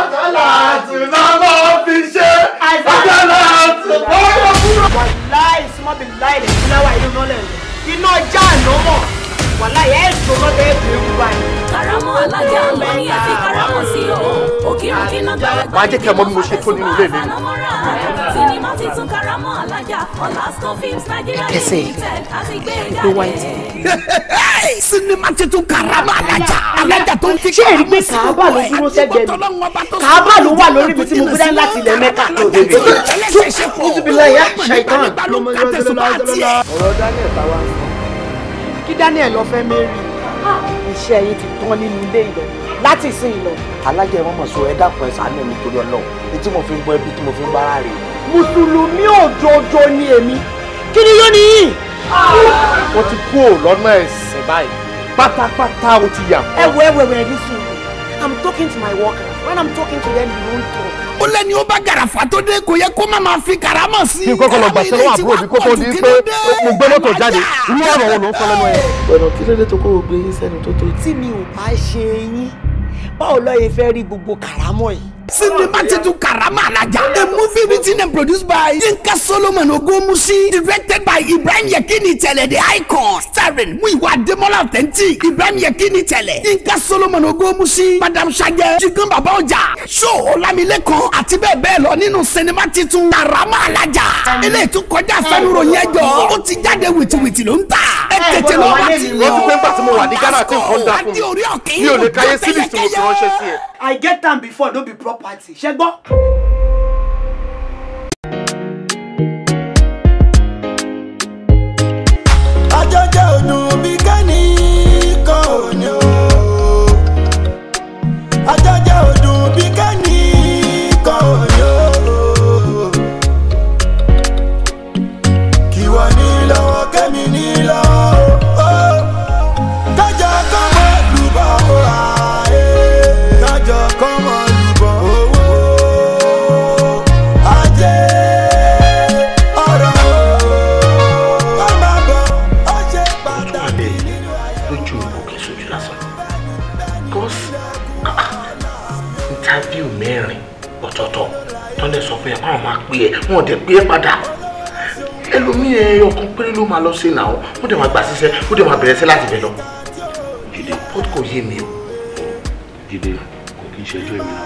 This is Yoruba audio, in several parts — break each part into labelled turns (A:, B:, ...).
A: àjọlá àtúná máa fi ṣe àjọlá àtúná máa fi ṣe. wàláì sọmọbi láì lè fúláwà inú mọ́lẹ̀ rẹ̀ iná já àná mọ̀ wàláì ẹ̀ ṣòro bẹ́ẹ̀ bí ewu wa ni. karamọ alájà ń lọ ní
B: ẹbí karamọ sí o òkìrìkì náà
C: gbàgbà. wàá jẹ́ kí ọmọ mi mo ṣe tó nínú mi.
B: Cinema ti tún karamọ́ alájà Olasco films Nigeria limited àti gbé
C: jáde. sinimá ti tún karamọ́ alájà alájà tó ń fi ṣé èrí pé kàábà ló dúró sẹ́gbẹ̀ẹ́ mi kàábà ló wà lórí ibi tí mo gbé láti ilẹ̀ mẹ́ka tó débi
A: tó
C: ti bí láyà ṣàìtàn ló mọ yọ sílẹ̀ lọ́wọ́. ọ̀rọ̀ Daniel
A: táwa ń sọ kí Daniel lọ fẹ́ mẹ́rin
D: iṣẹ́ yìí ti tán nínú ilé ìlọ́wọ́ láti ìsìn
A: ìlọ. alájẹ ìrànmọ̀sọ ẹ dákun ẹ ṣàánú mi torí Ọlọ́run etí mo fi ń bọ ẹbí tí mo fi ń bára rèé mùsùlùmí òjòjò ni èmi kí ni yóò níyìn. wọ́n
C: ti kú ò lọ́nà ẹ̀sìn báyìí pátápátá o ti yà. ẹ wọ
A: ẹ wọ ẹ ní sùn i'm talking to my workers when i'm talking to them you don't talk.
C: ó lẹ́ni ó bá gàràfà tó dé kò yẹ kó má máa fi karama sí kí n kọ́kọ́ lọ gbàṣẹ lọ́wọ́ àbúrò mi kó tó di pé mo gbé mọ́tò jáde irú ọ̀rọ̀ wo
D: ló ń sọ lẹ́nu ẹ̀. ọ̀nà kí lóde tó kó gbé sẹ́nu tó tó. tí mi ò bá
A: ṣe yín báwo
C: lọ́ọ́ yẹ fẹ́ rí gbogbo karamọ́ yìí. Cinema titled Karama Alaja. A movie written and produced by Yinka Solomon Ogunmushi. Directed by Ibrahim Yekini Tele, the icon. Starring Muiwa, Demola, Authentic. Ibrahim Yekini Tele. Yinka Solomon Ogunmushi. Madam Ṣayẹ. Chicken Baba Ọjà. Show Olamilekan àti bẹ́ẹ̀ bẹ́ẹ̀ lọ nínú sinimá titun Karama Alaja. Eléyìí tún kọjá àfẹnuròyìn ẹjọ́. Ó ti jáde wìtìwìtì ló ń tà. Ẹ tètè lọ wá ti lọ. Mo ti pé pàtó mo wà ní Ghana tí nǹkan dà fún mi. ò lè káyé sílì tí mo ti ránṣẹ́ sí ẹ
A: i get am before no be property ṣe
E: máa lọ sí náà ó dẹ̀ máa gbà síṣẹ́ ó dẹ̀ máa bẹ̀rẹ̀ sí láti bẹ̀ lọ. Jídé port kò yé mi o. Jídé kò kí n ṣẹjọ́ èmi náà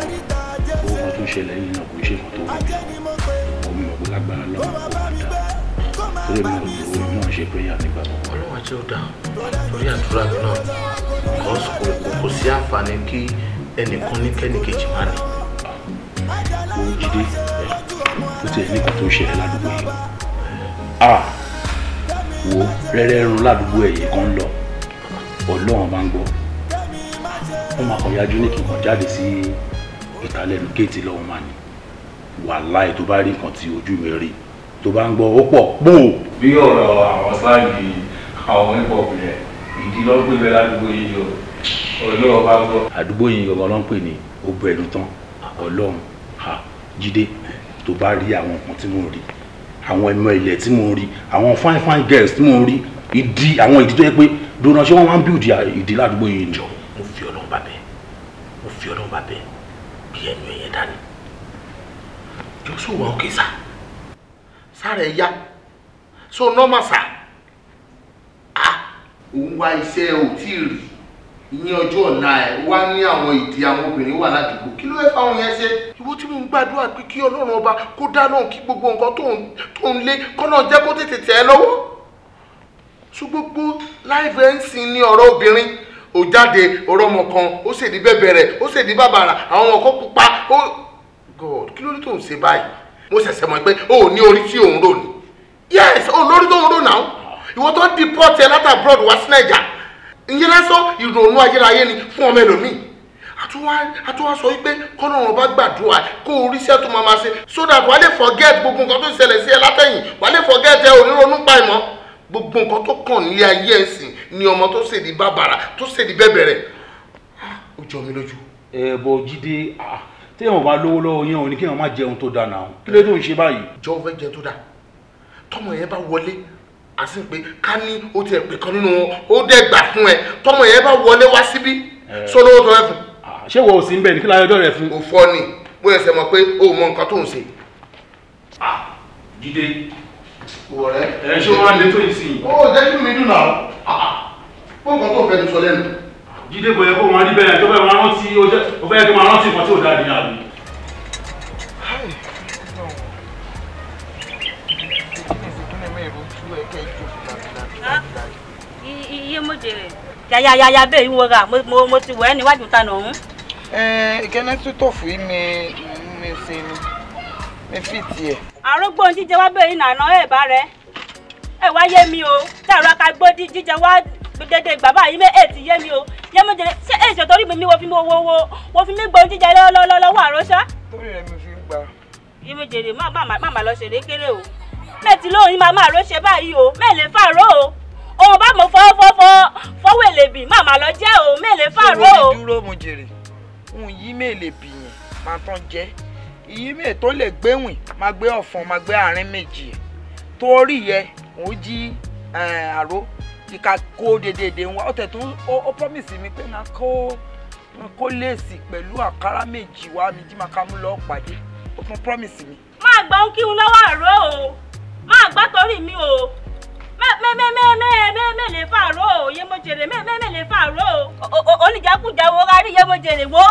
E: owó kan tó ń ṣẹlẹ̀ yìí náà kò ń ṣe nǹkan tó wà bí omi ọ̀gbọ́n lágbára lọ́wọ́ kò máa dá torí mi ò lè omi náà ṣe péyà nígbà tó. Ọlọ́wà jẹ́ ó dáa torí àdúrà mi náà kò kò sí àǹfààní kí ẹnìkan ní kẹ́nìkejì má ní. Ó Jídé ó ti ẹ̀ ní kò tó ṣẹlẹ̀ ládùúgbò yìí rẹ́rẹ́ run ládùúgbò ẹ̀yẹ kan lọ ọlọ́run bá ń gbọ́ wọ́n máa kàn yájú ní kíkan jáde sí ìtàlẹ́nu géètì lọ́wọ́ máa ní wàláì tó bá rí nǹkan tí ojú mi rí tó bá ń gbọ́ ó pọ̀ pò. bí ọ̀rọ̀ àwọn sáàgì àwọn onípọ̀pù yẹn ìdí ló ń pè bẹ́ẹ̀ ládùúgbò yìí o ọlọ́run bá ń gbọ́. àdúgbò yìí ọmọ ló ń pè ní ó bọ ẹnu tán ọlọ́run jíde tó bá rí àwọn nǹkan tí mò rí àwọn ẹmọ ilẹ̀ tí mo rí àwọn fine fine girls tí mo rí ìdí àwọn ìdí tó yẹ pé dùnà ṣé wọ́n wá ń bíòdì ìdí ládùúgbò yìí jọ. mo fi ọlọ́run bá bẹ́ẹ̀ mo fi ọlọ́run bá bẹ́ẹ̀ bí ẹnu ẹ̀yẹ dání jọ sọ wà òkè sá sára ẹ̀ yá so normal sá ah òun wá iṣẹ́ ò tí ì rí ní ọjọ́ ọ̀la ẹ̀ wá ní àwọn ìdí àwọn obìnrin wà ládùúgbò kí ló fẹ́ fáwọn yẹn ṣe. ìwọ tí mo ń gbàdúrà pé kí ọlọ́run ọba kó dáná kí gbogbo nǹkan tó ń lé kọ́nà jẹ́ kó tètè tẹ̀ ẹ́ lọ́wọ́. sọ gbogbo láìpẹ́ ń sin ní ọ̀rọ̀ obìnrin ò jáde ọ̀rọ̀ ọmọ kan ó sì di bẹ́bẹ̀ rẹ̀ ó sì di bàbàrà àwọn ọmọ pupa ó. god kí ló dé tó ń ṣe báyìí mo ṣẹ̀ṣẹ̀ mọ̀ pé o ò ní orí tí òun rò ní. yes olórí tó ń rò náà ìwọ tó ń di pọ́ọ̀tì ẹ̀ látàbúrọ̀dù wá sí nàìjà ìyẹn lásán ìrònú ayérayé ni fún ọmọ ẹlòmíì àtúwá sọ wípé kọ́nà ọ̀run bá gbàdúrà kó orí iṣẹ́ tó máa ma ṣe so that wàá lè forget gbogbo nǹkan tó ṣẹlẹ̀ sí ẹ látẹ̀yìn wàá lè forget ẹ onírònú pa ìmọ̀ gbogbo nǹkan tó kàn nílé ayé ẹ̀sìn ni ọmọ tó ṣèdí bàbàrà tó ṣèdí bẹ̀bẹ̀rẹ̀ ó jọ mi lójú. ẹ bọ jíde téèyàn bá lówó lọ́wọ́ yẹn ò ní kéèyàn má jẹun tó dáa náà kí ló dé tó ń ṣe báyìí. jọ àti pé ká ní o tiẹ̀ pè kan nínú wọn ó dẹ̀ gbà fún ẹ tọmọ yẹn bá wọlé wá síbí sọlọ́wọ́ tọ́ ẹ fún. ṣé wo ò sí ń bẹ̀ ní kí láyọ̀ dọ̀rẹ̀ fún. òfò ni bó ẹsẹ̀ mọ̀ pé o mọ nǹkan tó ń ṣe. jíde ọ̀rẹ́ ẹ̀ ṣé wọ́n á lè tó yìí sí i. ó jẹ́ kí mi dùn náà bó nǹkan tó fẹ́ sọ lẹ́nu. jíde bọ̀ yẹ kó wọn rí bẹ́ẹ̀ tó fẹ́ wọn rántí ó fẹ́ kí wọn rántí nǹkan tí ò
B: iye mo jèrè. yàyàyàyà bẹ́ẹ̀ yìí wọra mo mo ti wọ ẹ́ níwájú ta nà ọ̀hún. ẹ kẹ́nẹ́ tó tòfù yìí mi mi sí ni mi fi tiẹ̀. àrógbó ohun jíjẹ wá bẹ́ẹ̀ yìí nànà ẹ̀ bá rẹ ẹ wá yé mi o táàrọ̀ aka gbó jíjẹ wá dédé bàbá yìí mẹ́ ẹ̀ ti yé mi o yé mo jèrè ṣé èyí ṣètò orí mi wọ́n fi mi wo wo wọ́n fi mi gbóhun jíjẹ lọ́wọ́ àròṣá.
D: torí rẹ mi fi gbà.
B: yé mo jèrè má má má lọ ṣe o bá mo fọ́ fọ́ fọ́ fọ́wọ́ èlèbì má má lọ jẹ́ o mélèé fàárọ̀ o. ṣé mo
D: dúró mo jèrè n yí mélèé yẹn máa tán jẹ́ ìyí mélèé tó lè gbéwìn máa gbé ọ̀fọ̀n máa gbé àárín méjì ẹ̀ torí yẹ ò jí àró ìka kó dédédé wa ọ̀tẹ̀ tó ó promise mi pé máa kó kó léèsì pẹ̀lú àkàrà méjì wa mi jí máa ká mú lọ́ọ́ pàdé ó fún promise mi. máa gbọ́ kí n lọ́wọ́
B: àró o máa gbọ́ torí mi o. mẹ́mẹ́mẹ́mẹ́mẹ́lẹ́ fàárọ̀ o yẹ́mọ̀jẹ̀rẹ̀ mẹ́mẹ́mẹ́lẹ́ fàárọ̀ o. olùjákùjá ó e wá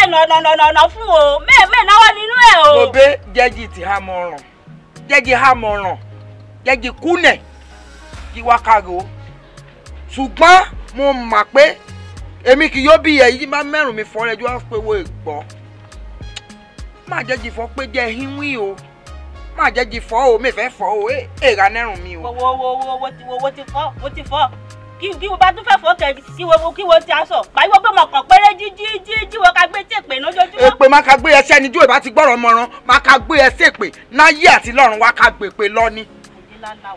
B: ẹ̀ nànànànà
D: fún o mẹ́ẹ̀mẹ́ o. má jẹ́ jí fọ́ o mi fẹ́ fọ́ o eh, èèrà nẹ́rùn mi o. wo wo wo wo ti wo ti fọ́ wo ti fọ́
B: kí kí wo bá tún fẹ́ fọ́ kẹ kí wo kí wo ti aṣọ pàyíwọ́ pé mo kàn péré jí jí jí jí wo ká
D: gbé tí èpè lójoojúmọ́. èpè má ka gbé ẹsẹ̀ ni jóòbá ti gbọ́rọ̀ mọ́ran má ka gbé ẹsẹ̀ èpè náyé àti lọ́run wá ká gbé èpè lọ ni.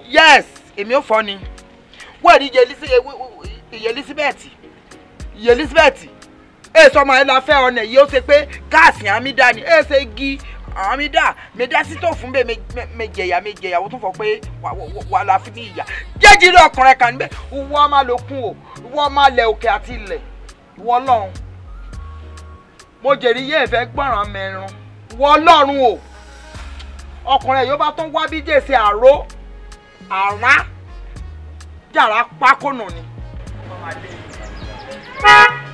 D: yes èmi ò fọ́ ni wẹ́ẹ̀rí iye elizabeth iye elizabeth èso ọmọ ẹ la fẹ́ ọ̀nà yìí ó ṣe pé káàsì àmì dání èso igi àwọn mi dà mi dá sí me bẹ́ẹ̀ mi jẹ̀yà mi jẹ̀yà wọ́n tún fọ pé wa á fi ní ìyà jẹ́jì rí ọkùnrin kan níbẹ̀ wọ́n máa lókun o wọ́n máa lẹ òkè àti ilẹ̀ wọ́n lọ́run mo jèrè iye ìfẹ́ gbọ́ràn mẹ́rin wọ́n lọ́run o ọkùnrin yóò bá tún wá bí jèsè àró àrá jàrá pákónù
A: ni. Thank you.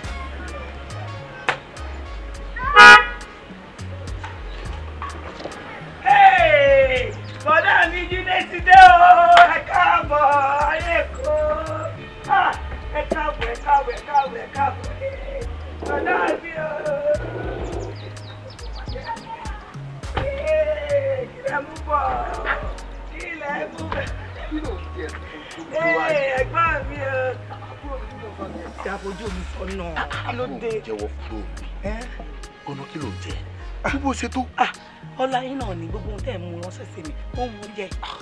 A: bọ́dá mi Jídé ti dé o ẹ káàbọ̀ ayé kó ẹ káàbọ̀ ẹ káàbọ̀ ẹ káàbọ̀ ẹ káàbọ̀ bọ́dá mi o. Kílẹ̀
D: mú bọ̀ kílẹ̀ mú bọ̀ ẹ̀gbọ́n mi o. Dàbójú mi sọ náà. Ah, kí ló dé? Jẹ́wọ́ fúlò
B: mi.
E: Ọ̀nà kí ló jẹ́?
B: Ah, bó ṣe tó. Ah, ọlá yín náà ni gbogbo ohun tẹ́ ẹ̀ mú ránṣẹ́ sí mi ó ń oúnjẹ. Ah,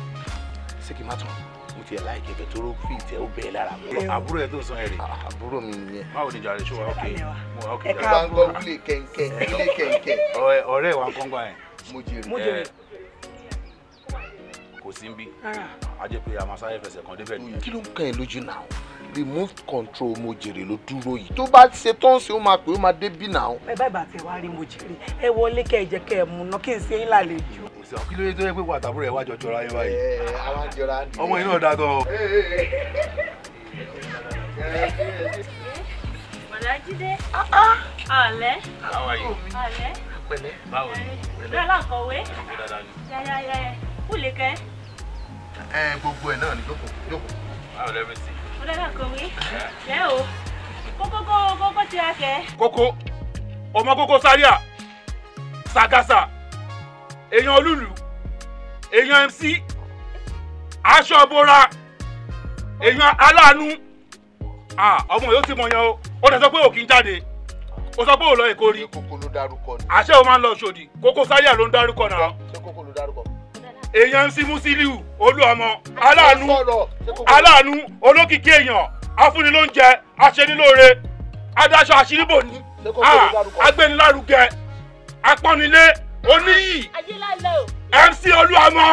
E: ṣé kí n má tán mo ti ẹ̀ láì kẹfẹ́ tó ró fi ìtẹ́ ó bẹ̀ẹ́ lára mi. àbúrò ẹ tó sọ ẹ rè. Ah, àbúrò mi nìyẹn. báwo ni jàre ṣọwọ́ ọkẹ ọkẹ ẹ bá
C: ń gbọ́ wílé kẹ̀kẹ́ wílé kẹ̀kẹ́.
E: wa ń kọ́ ń gbà mo jèrè kò sí ń bí. a jẹ́ pé a máa sáré fẹsẹ̀ kan débẹ̀ nìyẹn. kí ló ń kàn ẹ́ lójú náà removed control mojere ló dúró yìí tó bá ṣe tó ń ṣe ó máa pè ó máa dé bí náà.
A: ẹ bá ìbàtẹ wá rí Mojèrè ẹ wọlé kẹ ẹ jẹ kẹ ẹ mú náà kí n ṣe yín lálejò. òsèlú kí ló dé tó yẹ pé wà tàbúrò ẹ wá jọ jọra yín báyìí. ẹ
C: àwọn jọra ni. ọmọ yìí náà dá gan. Bọ̀dájídé. Ah, ah. Àlẹ́.
B: Àlẹ́. Pẹ̀lẹ́. Báwo ni? Dọ́là kọ̀wé. Yàyà Kúlẹ̀kẹ́.
E: Ẹ gbogbo ẹ̀ náà ni jókòó. Jókòó. Báwo lẹ́rìí sí? kókó ọmọ kókó sáríà sagasa èèyàn olúlu èèyàn mc aṣọ bora èèyàn aláàánú ọmọ yóò ti mọ yan o ó dẹ̀ sọ pé òkín jáde ó sọ pé ò lọ èkó rí àṣẹ ò máa ń lọ sòdì kókó sáríà ló ń dárúkọ náà èèyàn ń símú sílíù olú ọmọ aláàánú aláàánú olókìkí èèyàn afúnilóúnjẹ aṣenilóore adáṣọ àṣíríbò ní agbénilárugẹ apọ́nilé oníyì
B: mc olúọmọ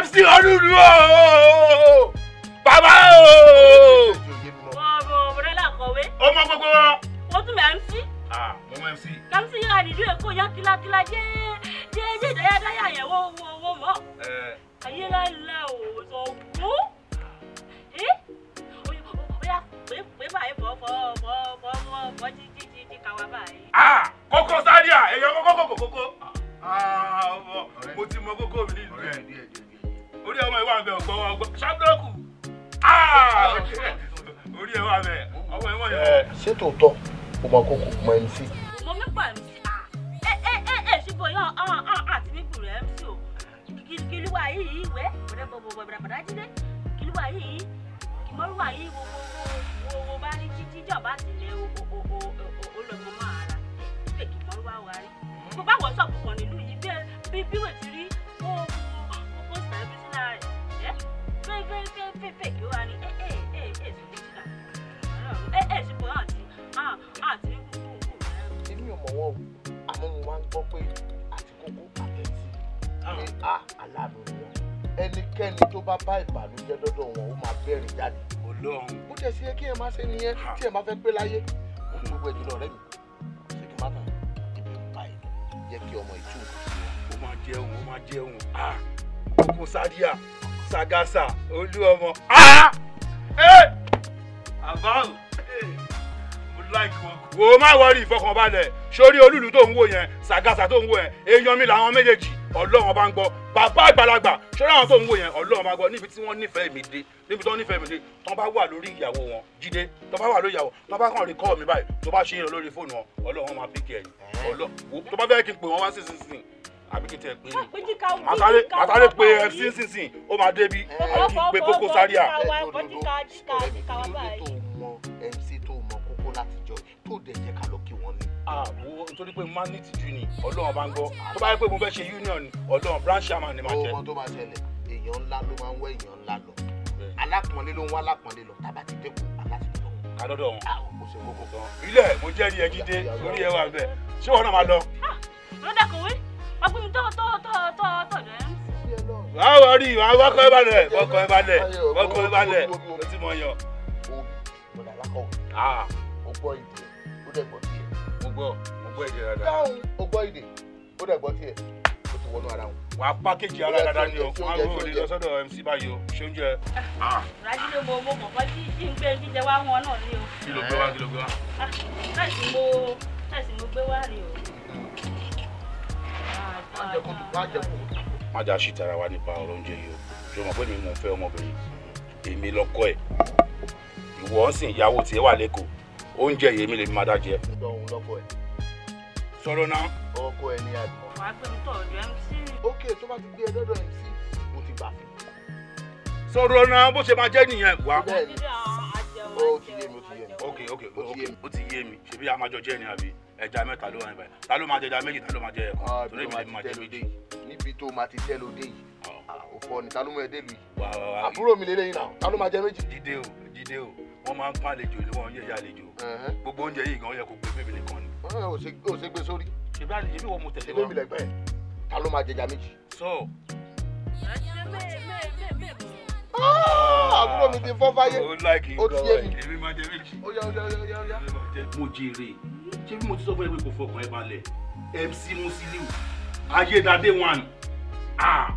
C: mc olúlu ooo bàbá ooo.
B: ọmọ gbogbo wọn. ó tún bẹ mc. Ah, mo MC. Kamsi ya ni due ko ya kila kila je. Je je da ya da ya ye wo wo wo mo. Eh. Ayé la la o so wo. Eh? Oya, pe pe ba e fo fo fo fo mo fo ji ji ji ji ka wa ba yi. Ah,
E: Koko Zaria, eyo koko koko koko.
B: Ah, mo
E: mo ti mo koko mi ni ìlú e. Orí ọmọ ìwà ń bẹ ọgbọ́n ọgbọ́n. Ṣábúrọ́kù. Ah! Orí ẹ̀ wà bẹ̀. Ọmọ ìwọ̀n yẹn. Eh, ṣé tòótọ́? ó máa kókò mọ mc.
B: mo mi pa mc ẹ ẹ ẹ ẹ ṣùgbọ́n yọ ọ̀hún ọ̀hún àti mi gbùrù mc o kìlúwà yìí ìwẹ́ bọ̀dẹ̀ bọ̀dẹ̀ bọ̀dẹ̀ jíde kìlúwà yìí ìmọ̀rúwà yìí wo wo wo bá rí jíjọba tẹ̀lé olùkọ́ máa ra ìgbẹ́ kí ìmọ̀rúwà wà rí. mo bá wọ sọ́ọ̀bù kan nílùú yìí bí bí wò ti rí kó kó sẹ́ẹ̀bì sí lára rẹ̀ ẹ́ fẹ́ẹ́fẹ́ẹ́fẹ́ẹ́fẹ́ kí wà ní ẹ̀ẹ́ ẹ̀ẹ́ ẹ̀ẹ́ ṣùgbọ́n àti àti kókó. èmi ò mọ̀
E: wọ́n o àmọ́ mo máa ń gbọ́ pé àti kókó àtẹ̀tì ní a
B: aláàánú wọn ẹnikẹ́ni tó bá bá ìbànújẹ́ dọ́dọ̀ wọn ó máa bẹ̀rẹ̀ jáde. olóhùn.
E: ó tẹ̀ sí kí ẹ máa ṣe nìyẹn tí ẹ máa fẹ́ pé láyé gbogbo ẹ̀ jùlọ rẹ mi ṣé kí n má tàn ibi ń pa ẹ̀ jẹ́ kí ọmọ ìtú. ó máa jẹun ó máa jẹun kókó sáríà sagasa olú ọmọ. àbáwò wò ó má wọrí ìfọkànbalẹ̀ sórí olúlu tó ń wò yẹn sàgásà tó ń wò yẹn èèyàn mi làwọn méjèèjì ọlọ́run bá ń gbọ́ bàbá àgbàlagbà sórí àwọn tó ń wò yẹn ọlọ́run bá ń gbọ́ níbi tí wọ́n nífẹ̀ẹ́ mi dé níbi tí wọ́n nífẹ̀ẹ́ mi dé tán bá wà lórí ìyàwó wọn jíde tán bá wà lórí ìyàwó tán bá kàn rí kọ́ mi báyìí tó bá ṣe é lórí fóònù wọn ọlọ́run máa bíkẹ́ ẹ̀yìn tó bá fẹ́ kí n pè wọ́n wá sísinsin àbí kí n tẹ pé
B: màtàlẹ́ pé fc
E: sísìn ó máa débi àti pé kókó sáríà. mc tó lówó láti jọ tó dẹ̀ jẹ́ ká lọ kí wọ́n ní. àwo nítorí pé máa ní tìjú ni ọlọ́run bá ń gbọ́ tó bá yẹ pé mo fẹ́ ṣe union ọlọ́run branch chairman ni máa jẹ. ọmọ tó máa ṣẹlẹ̀ èèyàn ńlá ló máa ń wá èèyàn ńlá lọ alápọ̀nlé ló ń wá alápọ̀nlé lọ tábà ti dẹ́kun aláṣẹ lọ. kádọ́dọ̀ wọn ilé mo jẹ́rìí ẹ jíde lórí ẹ wà bẹ́ẹ̀ ṣé wọn náà máa lọ.
B: lọ́dà kòwé ọgbìn tó tó tó tó tó dẹ̀ ń
E: wà á wọrí wà á wọkọ ẹ balẹ̀ wọkọ ẹ balẹ̀ wọkọ ẹ balẹ̀ ló ti mọ̀ yàn gbọ́ ìdè ó dẹ̀ gbọ́ tiẹ̀. mo gbọ́ mo gbọ́ ìdè dáadáa. dáhùn ó gbọ́ ìdè ó dẹ̀ gbọ́ tiẹ̀ ó ti wọnú ara wọn. wà á pákéjì ara dáadáa ni o wọn á wọlé lọ sọ́dọ̀ mc báyìí o ṣé oúnjẹ. Ah.
B: rajile mo mo mọ̀ kọ́ tí tí n gbé jíjẹ wá wọn náà ni o. kí ló gbé wá kí ló gbé wá. láìsí ah, mo láìsí mo gbé wá rí
E: o. má jà sí tara wa nípa ọ̀rọ̀ oúnjẹ yìí o ṣé o mọ̀ mi mọ̀ fẹ́ ọmọbìnrin èmi lọ́kọ ẹ̀ ìwọ ọ̀sìn ìyàwó tiẹ̀ wà lẹ́kọ̀ọ́ oúnjẹ yìí mi lè fi máa dá jẹ. sọ̀rọ̀ náà. ọkọ ẹ ní àdìmọ́. wàá pè mí mc. ok tó bá ti gbé ẹ mc mo ti gbà sọ̀rọ̀ náà bó ṣe máa jẹ́ nìyẹn wá. ó ti yé mi ó ti yé mi. ó ti yé mi ṣebí a máa jọ jẹ́ ni àbí ẹja mẹ́ta ló wà níbẹ̀ ta ló máa jẹ ẹja méjì ta ló máa jẹ ẹ̀kan ah, torí mi lè máa jẹ méjì. níbi tó máa ti tẹ́ ló dé yìí ah. ah, òfò ni ta ló mú ẹ dé lu yìí àbúrò mi lélẹ́yìn náà ta ló máa jẹ méjì. jíde o jíde o wọn máa ń pa àlejò ni wọn yẹ ya àlejò gbogbo oúnjẹ yìí gan yẹ kó gbé bèbè nìkan ni. o ṣe gbé sórí. ṣèbí àlejò bí wọn mú tẹ̀lé wọn. ṣèbí mi lẹ́gbẹ̀ẹ́ àbúrò mi ti fọ́ fáyé ó ti yé mi. mo jèrè ṣé bí mo ti sọ fún ẹ pé kò fọkàn ẹ balẹ̀ MC Musiliu ayédadé one ah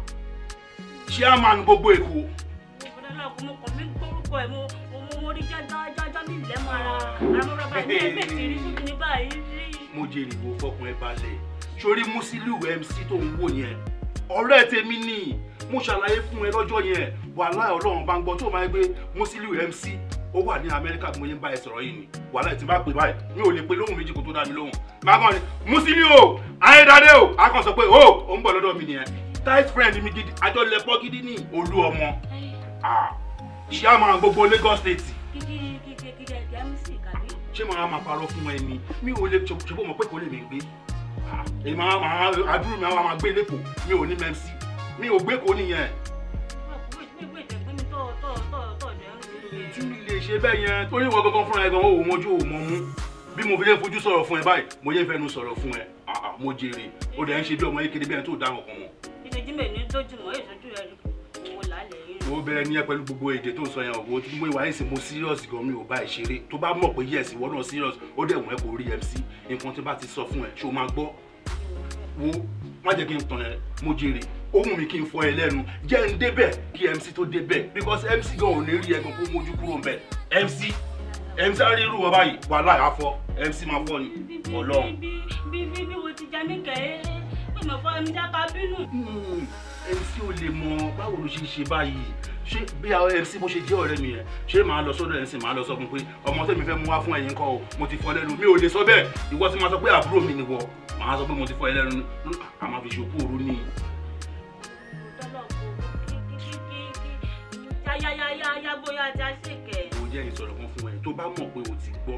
E: chairman gbogbo èkó.
B: mo kàn mí gbórúkọ ẹ mo mo rí jájájá mi lẹ́mọ̀ ara àmọ́ bàbá mi ẹ̀ bẹ̀ kiri fún mi ní báyìí
E: mo jèrè ìbò fọkàn ẹ balẹ̀ sórí Musiliu MC tó ń wò yẹn ọ̀rẹ́ tèmi ni mo ṣàlàyé fún ẹ lọ́jọ́ yẹn wàhálà ọlọ́run bá ń gbọ́ tó máa ń gbé Musiliu MC ó wà ní amẹ́ríkà bí mo yẹn bá ẹ sọ̀rọ̀ yìí ni wàhálà ìtì bá pè báyìí mi ò lè pe lóhùn méjì kó tó dá mi lóhùn máa kàn ní Musili o Ayédáadé o a kàn sọ pé o oh, ò ń bọ̀ lọ́dọ̀ mi nìyẹn tight friend mi gidi àjọ lẹ́pọ́ gidi ní olú ọmọ ṣíà máa gbogbo Lagos state ṣé màá máa parọ́ fún ẹni mi ò lè ṣòfò mọ̀ pé kò lè mi gbé èmi àdúrà mi àwọn àgbélépò mi ò ní mẹ́sì mi ò gbé kò nìyẹn. ṣe bẹ́ẹ̀ yẹn torí ìwọ gangan fúnra ẹ gan òun mojú òun mú bí mo fi lè fojú sọ̀rọ̀ fún ẹ báyìí mo yẹ fẹnu sọ̀rọ̀ fún ẹ mo jèrè ó dẹ̀ ń ṣe bí ọmọ yékele bẹ́ẹ̀ tó dáhùn kan mọ́.
B: ìdíjú mi ní dójú mọ́ ìtọ́jú rẹ̀ wò lálẹ́
E: yìí. mo bẹ̀rẹ̀ ní ẹ pẹ̀lú gbogbo èdè tó ń sọ yẹn ọ̀gbọ́n tí mo wà ẹ̀sìn mo serious gan mi ò bá ṣeré tó bá mọ̀ pé yes ó mú mi kí n fọ ẹ lẹ́nu jẹ́ n débẹ̀ kí MC tó débẹ̀ because MC gan ò ní rí ẹ̀gbọ́n kó mójú kúrò mbẹ̀ MC MC á rí irú wọn báyìí wàhálà àfọ MC máa fọ ni Ọlọ́run.
B: bí bí bí bí wo hmm, ti jẹ mí kẹ́ ẹ́ pé mo fọ MC ká bínú. MC ò lè
E: mọ báwo ló ṣe ṣe báyìí ṣé bí MC bó ṣe jẹ́ ọ̀rẹ́ mi yẹn ṣé màá lọ sọ́dọ̀ MC màá lọ sọ fún pé ọmọ tẹ́mi fẹ́ mú wá fún ẹ̀yin kọ́ o mo ti fọ lẹ́nu mi ò lè sọ bẹ́ẹ̀ ìwọ ti máa sọ pé àbúrò mi nìwọ màá sọ pé mo ti fọ ẹ lẹ́nu àmọ́ fi ṣòkú òru ni
B: yáyáyáyáyágbóyá ajá ṣèkẹ́.
E: mo jẹ́ ìsọ̀rọ̀ kan fún ẹ tó bá mọ̀ pé o ti gbọ́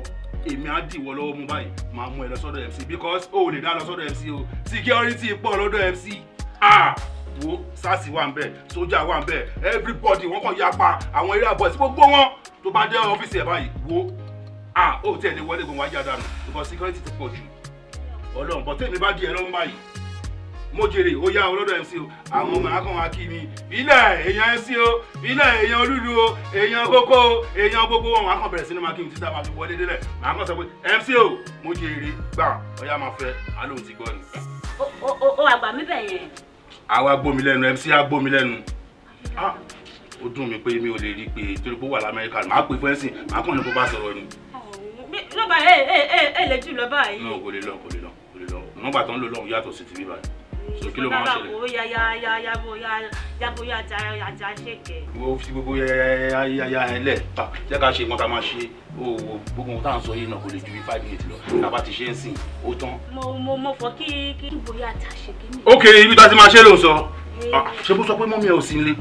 E: èmi á dìwọ́ lọ́wọ́ mú báyìí máa mú ẹ lọ sọ́dọ̀ MC because o ò lè dá lọ sọ́dọ̀ MC o security pọ̀ lọ́dọ̀ MC ah wo sars wà ń bẹ sójà wà ń bẹ everybody wọn kàn yapa àwọn eré àbọ̀ sí gbogbo wọn tó bá dé ọ́fíìsì ẹ̀ báyìí wo ah o tiẹ̀ lè wọlé gbọ̀ngàn wájú àdánù because security ti pọ̀ jù ọlọ́run bọ̀ tẹ́mi bá di ẹ lọ́mú báyìí mo jèrè ó yá ọlọ́dọ̀ MC o àwọn màá kàn wá kí mi bílẹ̀ èèyàn MC o bílẹ̀ èèyàn olúlu o èèyàn kókó o èèyàn gbogbo wọn wàá kàn bẹ̀rẹ̀ sí ni máa kí mi títà máa fi wọlé délẹ̀ màá kàn sọ pé MC o mo jèrè gbà ó yá máa fẹ́ alóhùn ti gbọ́ ni.
B: o àgbà mi bẹ̀ yẹn.
E: àwa gbómi lẹ́nu MC á gbómi lẹ́nu ó dùn mí pé mi ò lè rí i pé torí pé wà lamẹ́ríkà máa pè fún ẹ̀sìn máa kàn ní kó bá sọ̀rọ̀ ni.
B: nọ́mbà ẹ ẹ ẹ lè jù lọ báyìí. náà
E: kò lè lọ kò lè lọ kò lè lọ nọ́mbà tó ń lò lọ́hùn yàtọ̀ sí ti bí báyìí so kí ló máa ń ṣẹlẹ̀.
B: ìfọwọ́ ya ya ya ya bo ya ya bo ya ja ya ja ṣèkẹ́.
E: wo fi gbogbo ya ya ya ya a máa ṣe owó gbogbo ohun tá à ń sọ yìí náà kò lè
B: ok ibi tá a ti máa ṣe ló sọ
E: ṣe bó sọ pé mọ́mí ẹ ò sí nílé.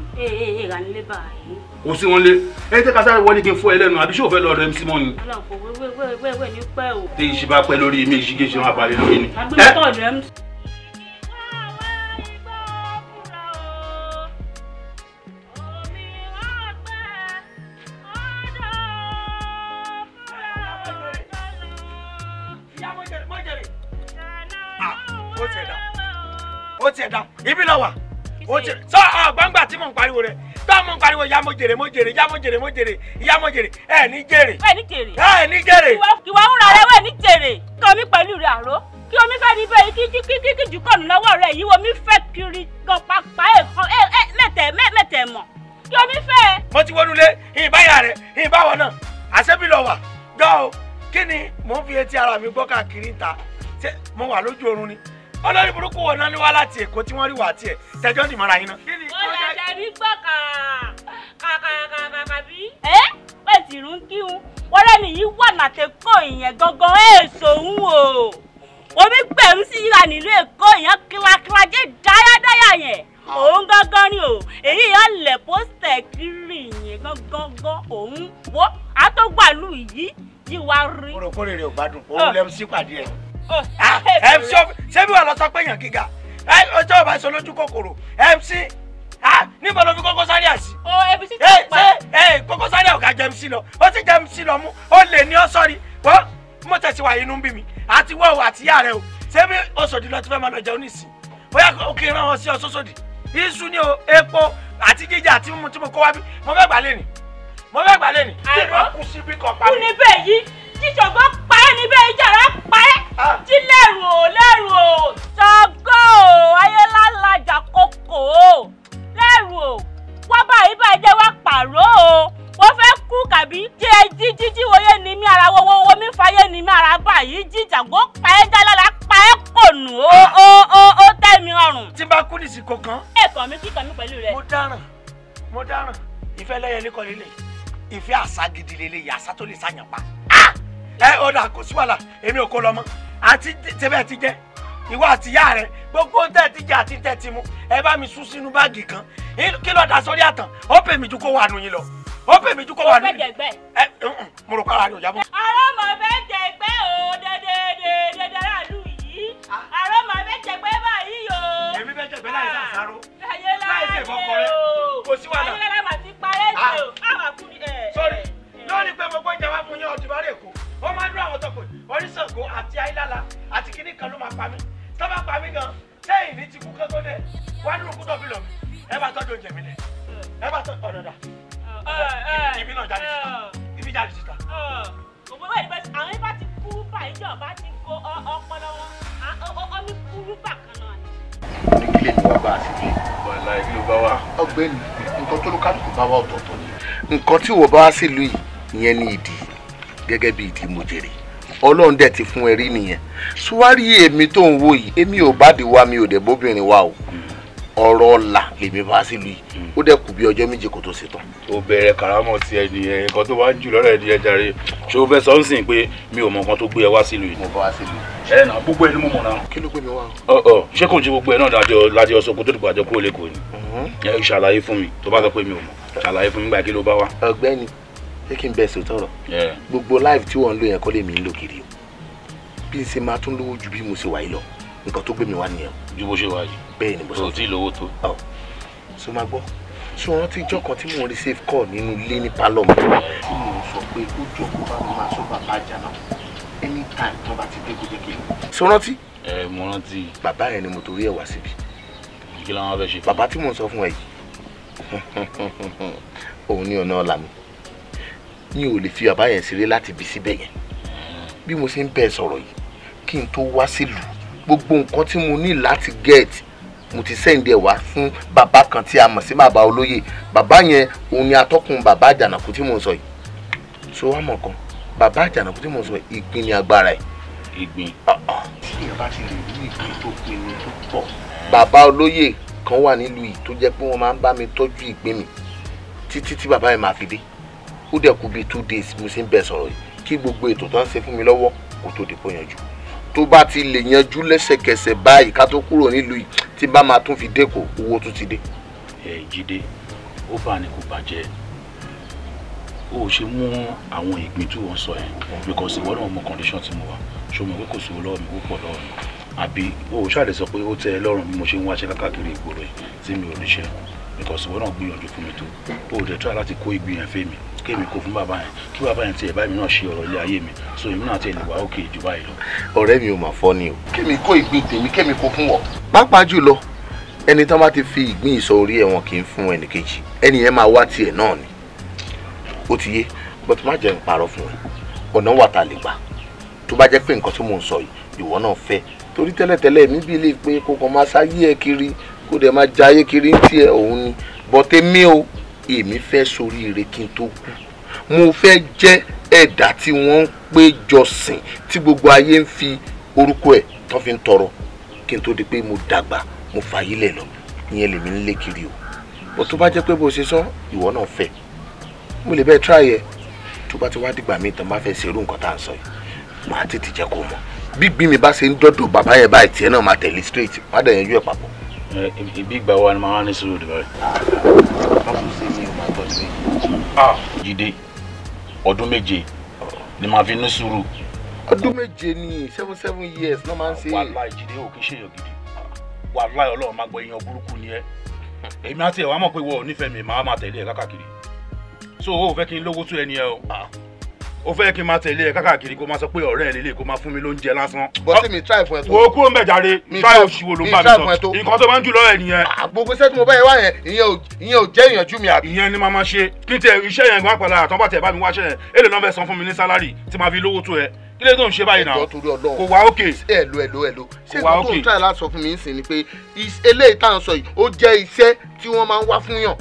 E: kò sí wọn lé ẹ jẹ́ ká sáré wọlé kí n fọ ẹlẹ́nu àbí ṣé ò fẹ́ lọ rẹ mc mọ́ ni.
B: ọlọ́run kò wéwèwé ní pẹ́ o.
E: tí ìṣe bá pẹ́ lórí mi ìṣígéṣe máa balẹ̀ lórí ni.
B: àgbélẹ̀tọ̀ rẹ̀ ń sọ.
A: wà o ti sọ àgbàǹgbà tí mò ń pariwo rẹ tó mò ń pariwo ìyá mo jèrè mo jèrè ìyá mo jèrè mo jèrè ìyá mo jèrè ẹ ní jèrè ẹ
B: ní jèrè ẹ ní jèrè ìwà fúnra rẹ
A: wẹ ní jèrè kàn mí pẹ̀lú rẹ àró kí omi
B: fẹ́ ní bẹ́ẹ̀ kí kí kí kí jù kọ́nù lọ́wọ́ rẹ yìí omi fẹ́ kiri gan pàpà ẹ̀
A: mẹ́tẹ̀ mẹ́tẹ̀ mọ̀ kí omi fẹ́. mo ti wọnú lé ìbáyà rẹ ìbáwọ náà àṣẹbí lọ wà gbọ́ kí ni mò ń fi etí ara mi gbọ́ káàkiri ta mo wà lójú oorun ni olórí burúkú wọn náà ní wá láti èkó tí wọ́n rí wà tiẹ̀ tẹjọ́ ní mọ́ra yín náà. ó
B: lè dàbí gbọ́ kàkàkàkàkà bí. ẹ bẹ́ẹ̀ sì rún kí n wọ́rẹ́ nìyí wà nàtẹ́kọ̀ ìyẹn gangan ẹ̀ sòun o omi gbẹ̀rú sí yíra nílùú èkó ìyẹn kílákílájẹ́ dáyádáyà yẹn òun gángan ni o èyí yẹn lẹ̀ pósítẹ̀ kiri yẹn gángan òun wo àtọ́gbàlù
A: yìí yìí wá rí. kórokórè rẹ̀ ò gbádùn òun lẹ́nu sí pàdé ẹ̀
B: mc
A: ṣé bí wà lọ sọ pé èèyàn gíga ọjọ́ ọba ìṣó lójú kòkòrò mc níbo ló fi kókó sáré àsì. o ebi ti tó eh, pa. ṣé ẹ eh, kókó sáré ọ̀gá jẹ mc lọ ó ti jẹ mc lọ mú ó lè ní ọ sọ́ọ́rì wọ́n mo tẹ̀sí wà inú bí mi àti wọ́ọ̀ àti yá rẹ o ṣé bí Òṣòdì lọ ti fẹ́ máa lọ jẹun nísìn bóyá òkè rán wọn sí ọ sóṣòdì iṣu ni o epo àti jíjà àti mímu tí mo kó wá bí mo fẹ́ gbà lẹ́nìí mo fẹ́ gbà lẹ́nìí. àìrọ́
B: kú níbẹ̀ yìí jíjọ̀gbọ́n pa ẹ́ níbẹ̀ ìjàrá pa ẹ́ jí lẹ́rù o lẹ́rù o ṣàgbọ́ o ayélujára kókó o lẹ́rù o wá báyìí báyìí jẹ́ wá pààrọ̀ o wọ́n fẹ́ kú kàbí jí ẹ jí jíjí wòye ni mí ara wọ́wọ́ wọ́n mi fàyè ni mí ara báyìí jíjà gbọ́ pa ẹ́ jálára pa ẹ́
A: kònú o o o o tẹ́ mi ọrùn. tí n bá kú nìsí kankan. ẹ kàn mí kíkan mi pẹ̀lú rẹ. mo dáràn mo dáràn ìfẹ́ lẹ́yẹ ní kọ́lé lè ìfẹ́ àṣà gidi lélẹ́yìí àṣà tó lè ṣàyàn pa. Ah! ẹ ọ̀dà kò sí wàhálà èmi ò kó lọ mọ́ àti tẹ́bẹ̀ ti jẹ́ ìwọ àti ìyá rẹ gbogbo tẹ́ ti jẹ àti tẹ́ ti mu ẹ bá mi sún sínú báàgì kan kí ló dá sórí àtàn ó pè mí ju kó wà nù yín lọ ó pè mí ju kó wà nù yín lọ mo rò kára rẹ ò jábọ.
B: àrọ́mọ fẹ́ jẹ pé o dédédé dédé aráàlú yìí àrọ́mọ fẹ́ jẹ pé báyìí o. èmi fẹ́ jẹ pé láì sàṣàrò láì sèbọkọ rẹ kò sí wàhálà. ayélujára
A: màá ti parẹ́ ṣe o. sọ́ọ̀rì lórí pé mo gbọ́njà wá fún yín ọ̀dùnmọ́rẹ́ èkó ó máa ń àwọn tọkùn oríṣàngó àti ayílála àti kíní kan ló máa pa mí tọ́ba pa mí gan lẹ́yìn ní ti kú kán tó dẹ̀ wá nínú kú tọ́bi lọ mi ẹ bá tọ́jú oúnjẹ mi lẹ̀ ẹ bá tọ́jú ọ̀dọ̀dà ibi náà jáde síta ibi jáde síta. òbí wà nípa àwọn ibà ti kú rúbà ìjọba ti go ọpọlọ
E: wọn ọmí kú rúbà kan náà ni. bá wa. ọ̀gbẹ́ni ni. nǹkan tí wọ́n bá wá sílùú yìí ìyẹn ni ìdí gẹ́gẹ́ bí ìdí mo jèrè ọlọ́run dẹ̀ ti fún ẹ rí nìyẹn ṣùwárí èmi tó ń wò yìí èmi ò bá di wa mi ò dẹ̀ bóbìnrin wa o ọ̀rọ̀ ọ̀la lèmi bá sílùú yìí ó dẹ̀ kù bí ọjọ́ méje kó tó ṣe tán. o bẹ̀rẹ̀ karamọ ti ẹ nìyẹn nǹkan tó wá jù lọ́rọ̀ ẹ nìyẹn jàre ṣé o fẹ́ sọ ń sìn pé mi ò mọ nǹkan tó gbé ẹ wá sílùú yìí. mo bá wá sílùú yìí. ẹ nà gbogbo ẹ ní mo mọ̀ náà. kí ló gbé mi wá. ṣé kò ń ṣe gbogbo ẹ náà lájọ sọ ṣé kí n bẹ sòtọ́ rọ gbogbo live tí wọ́n ń lò yẹn kọ́ lè mí ń lò kiri o bí n ṣe máa tún lówó ju bí mo ṣe wà yìí lọ nǹkan tó gbé mi wá nìyẹn. ju bó ṣe wà yìí bẹ́ẹ̀ ni bó ṣe wà o ti lówó tó. ọ so máa gbọ́ so wọn ti jọ kan tí mò ń receive call nínú ilé ní pálọ̀ mi. tí mò ń sọ pé ó jọ kó bá mi máa sọ bàbá àjànà anytime tó bá ti dé kó jẹ́ kí n. so rántí. ẹ mo rántí. bàbá yẹn ni mo torí ẹ wá síbi. kí ló wọn fẹ́ ṣe. bàbá tí mò ń sọ fún ẹ yìí òun ni ọ̀nà ọ̀la mi mi ò lè fi bàbá yẹn ṣeré láti bí síbẹ̀ yẹn bí mo ṣe ń bẹ́ẹ̀ sọ̀rọ̀ yìí kí n tó wá sílùú gbogbo nǹkan tí mo ní láti get mo ti sẹ́ǹdì ẹ̀ wá fún bàbá kan tí a mọ̀ sí bàbá olóyè bàbá yẹn òun ni atọ́kùn bàbá àjànàkú tí mò ń sọ yìí so wá mọ̀ kan bàbá àjànàkú tí mò ń sọ yìí ìgbín ni agbára ẹ̀. ìgbín. bàbá olóyè kan wà nílùú yìí tó jẹ́ pé wọ́n máa ń bá mi tọ́jú ìgbín mi títí tí bàbá yẹn máa fi dé ó dẹ̀ kú bíi two days mo sì ń bẹ sọ̀rọ̀ yìí kí gbogbo ètò tó ń ṣe fún mi lọ́wọ́ kó tó dìbò yanjú tó bá ti lè yanjú lẹ́sẹ̀kẹsẹ̀ báyìí ká tó kúrò nílùú yìí tí bá máa tún fi dẹ́kọ̀ owó tún ti dé. ẹ jíde ó fà ní kò bàjẹ́ ó ṣe mú àwọn ìgbín tí wọ́n sọ yẹn because ìwọ náà mọ condition tí mo wà ṣó mọ̀ pé kò sí olóòrùn mi púpọ̀ lọ́rùn àbí ó ṣàlẹ̀ sọ pé ó tẹ́ ẹ lọ́rùn bí mo ṣe ń wáṣẹ́ káàkiri ìgboro yìí tí mi ò níṣẹ́ because ìwọ náà gbìyànjú fún mi tó ó dẹ̀ try láti kó ìgbìyànjú fẹ́ mi kémi kò fún bàbá yẹn kí bàbá yẹn tiẹ̀ báyìí náà ṣe ọ̀rọ̀ ilé ayé mi so èmi náà tẹ̀lé wa òkè jù báyìí lọ. ọ̀rẹ́ mi ò mà fọ́ ni o. kémi kó ìgbín tèmi kémi kó fún wọ. pàápàá jùlọ ẹni tán bá ti fi ìgbín ìsọ orí ẹ̀wọ̀n kì í fún ẹnì kejì ẹni yẹn máa wá tiẹ̀ náà ni. ó ti yé bọ́tù má jẹ́ ìparọ́ fún ẹ ọ̀nà wà tá a lè gbà tó bá jẹ́ pé nǹkan tí mò ń sọ yìí ìwọ náà fẹ́ torí tẹ́lẹ̀tẹ́lẹ̀ mi bí ilé pé kó kàn máa sáyé ẹ kiri kó dẹ̀ máa jayé kiri ń tiẹ̀ òun ni bọ́tẹ́ o èmi fẹ́ soríire kí n tó kú mo fẹ́ jẹ́ ẹ̀dá tí wọ́n ń pé jọsìn tí gbogbo ayé ń fi orúkọ ẹ̀ tán fi ń tọrọ kí n tó di pé mo dàgbà mo fàyí lẹ̀ lọ ìyẹn lèmi ń lé kiri o bó tó bá jẹ́ pé bó ṣe sọ ìwọ náà fẹ́ mo lè bẹ́ẹ̀ tíráyẹ tó bá ti wá dìgbà míì tán bá fẹ́ ṣe nǹkan tá à ń sọ yìí màá tètè jẹ́ kó mọ̀ bí gbìmí bá ṣe ń dọ́dọ̀ bàbá yẹn báyìí tiẹ̀ náà máa tẹ̀lé straight má dẹ̀ yẹn yú ẹ̀ papọ̀ ibi ìgbà wa ni màá ní sùúrù dìbò rẹ. jíde ọdún méje ni màá fi ní sùúrù. ọdún méje ni seven seven years No man say. ṣe. wàhálà jíde ò kí ṣe èèyàn gidi wàhálà ọlọ́run máa gbọ́ èèyàn burúkú ni ẹ èmi àti ẹ̀ wàá mọ̀ pé wọ́n ò nífẹ̀ẹ́ mi màá máa tẹ̀lé so o fẹ́ kí n lówó tó ẹni o fẹ́ kí n máa tẹ̀lé ẹ kákàkiri kó máa sọ pé ọ̀rẹ́ ẹ lélẹ̀ kó máa fún mi lóúnjẹ lásán. bọ́sẹ̀ mi try fún ẹ tó. wo kúrò mẹ́jàre try òṣìwò ló ń bá mi sọ nǹkan tó máa ń jù lọ́rọ̀ ẹ nìyẹn. Ah, gbogbo iṣẹ́ tí mo bá yẹ wá yẹn ìyẹn ò jẹ́ ìyànjú mi àbí. ìyẹn ni màmá ṣe kí n tẹ iṣẹ́ yẹn gan apàlà àtọ́ bá tẹ̀ bá mi wáṣẹ́ yẹn èlò náà fẹ́ san fún mi ní sálárì tí màá fi lówó tó ẹ kí ló ń ṣe báyìí náà kò wá òkè. ẹ lo ẹ lo ẹ lo ṣé kò tó ń try láti sọ fún mi nísìnyí pé eléyìí tá à ń sọ yìí ó jẹ́ iṣẹ́ tí wọ́n máa ń wá fún yàn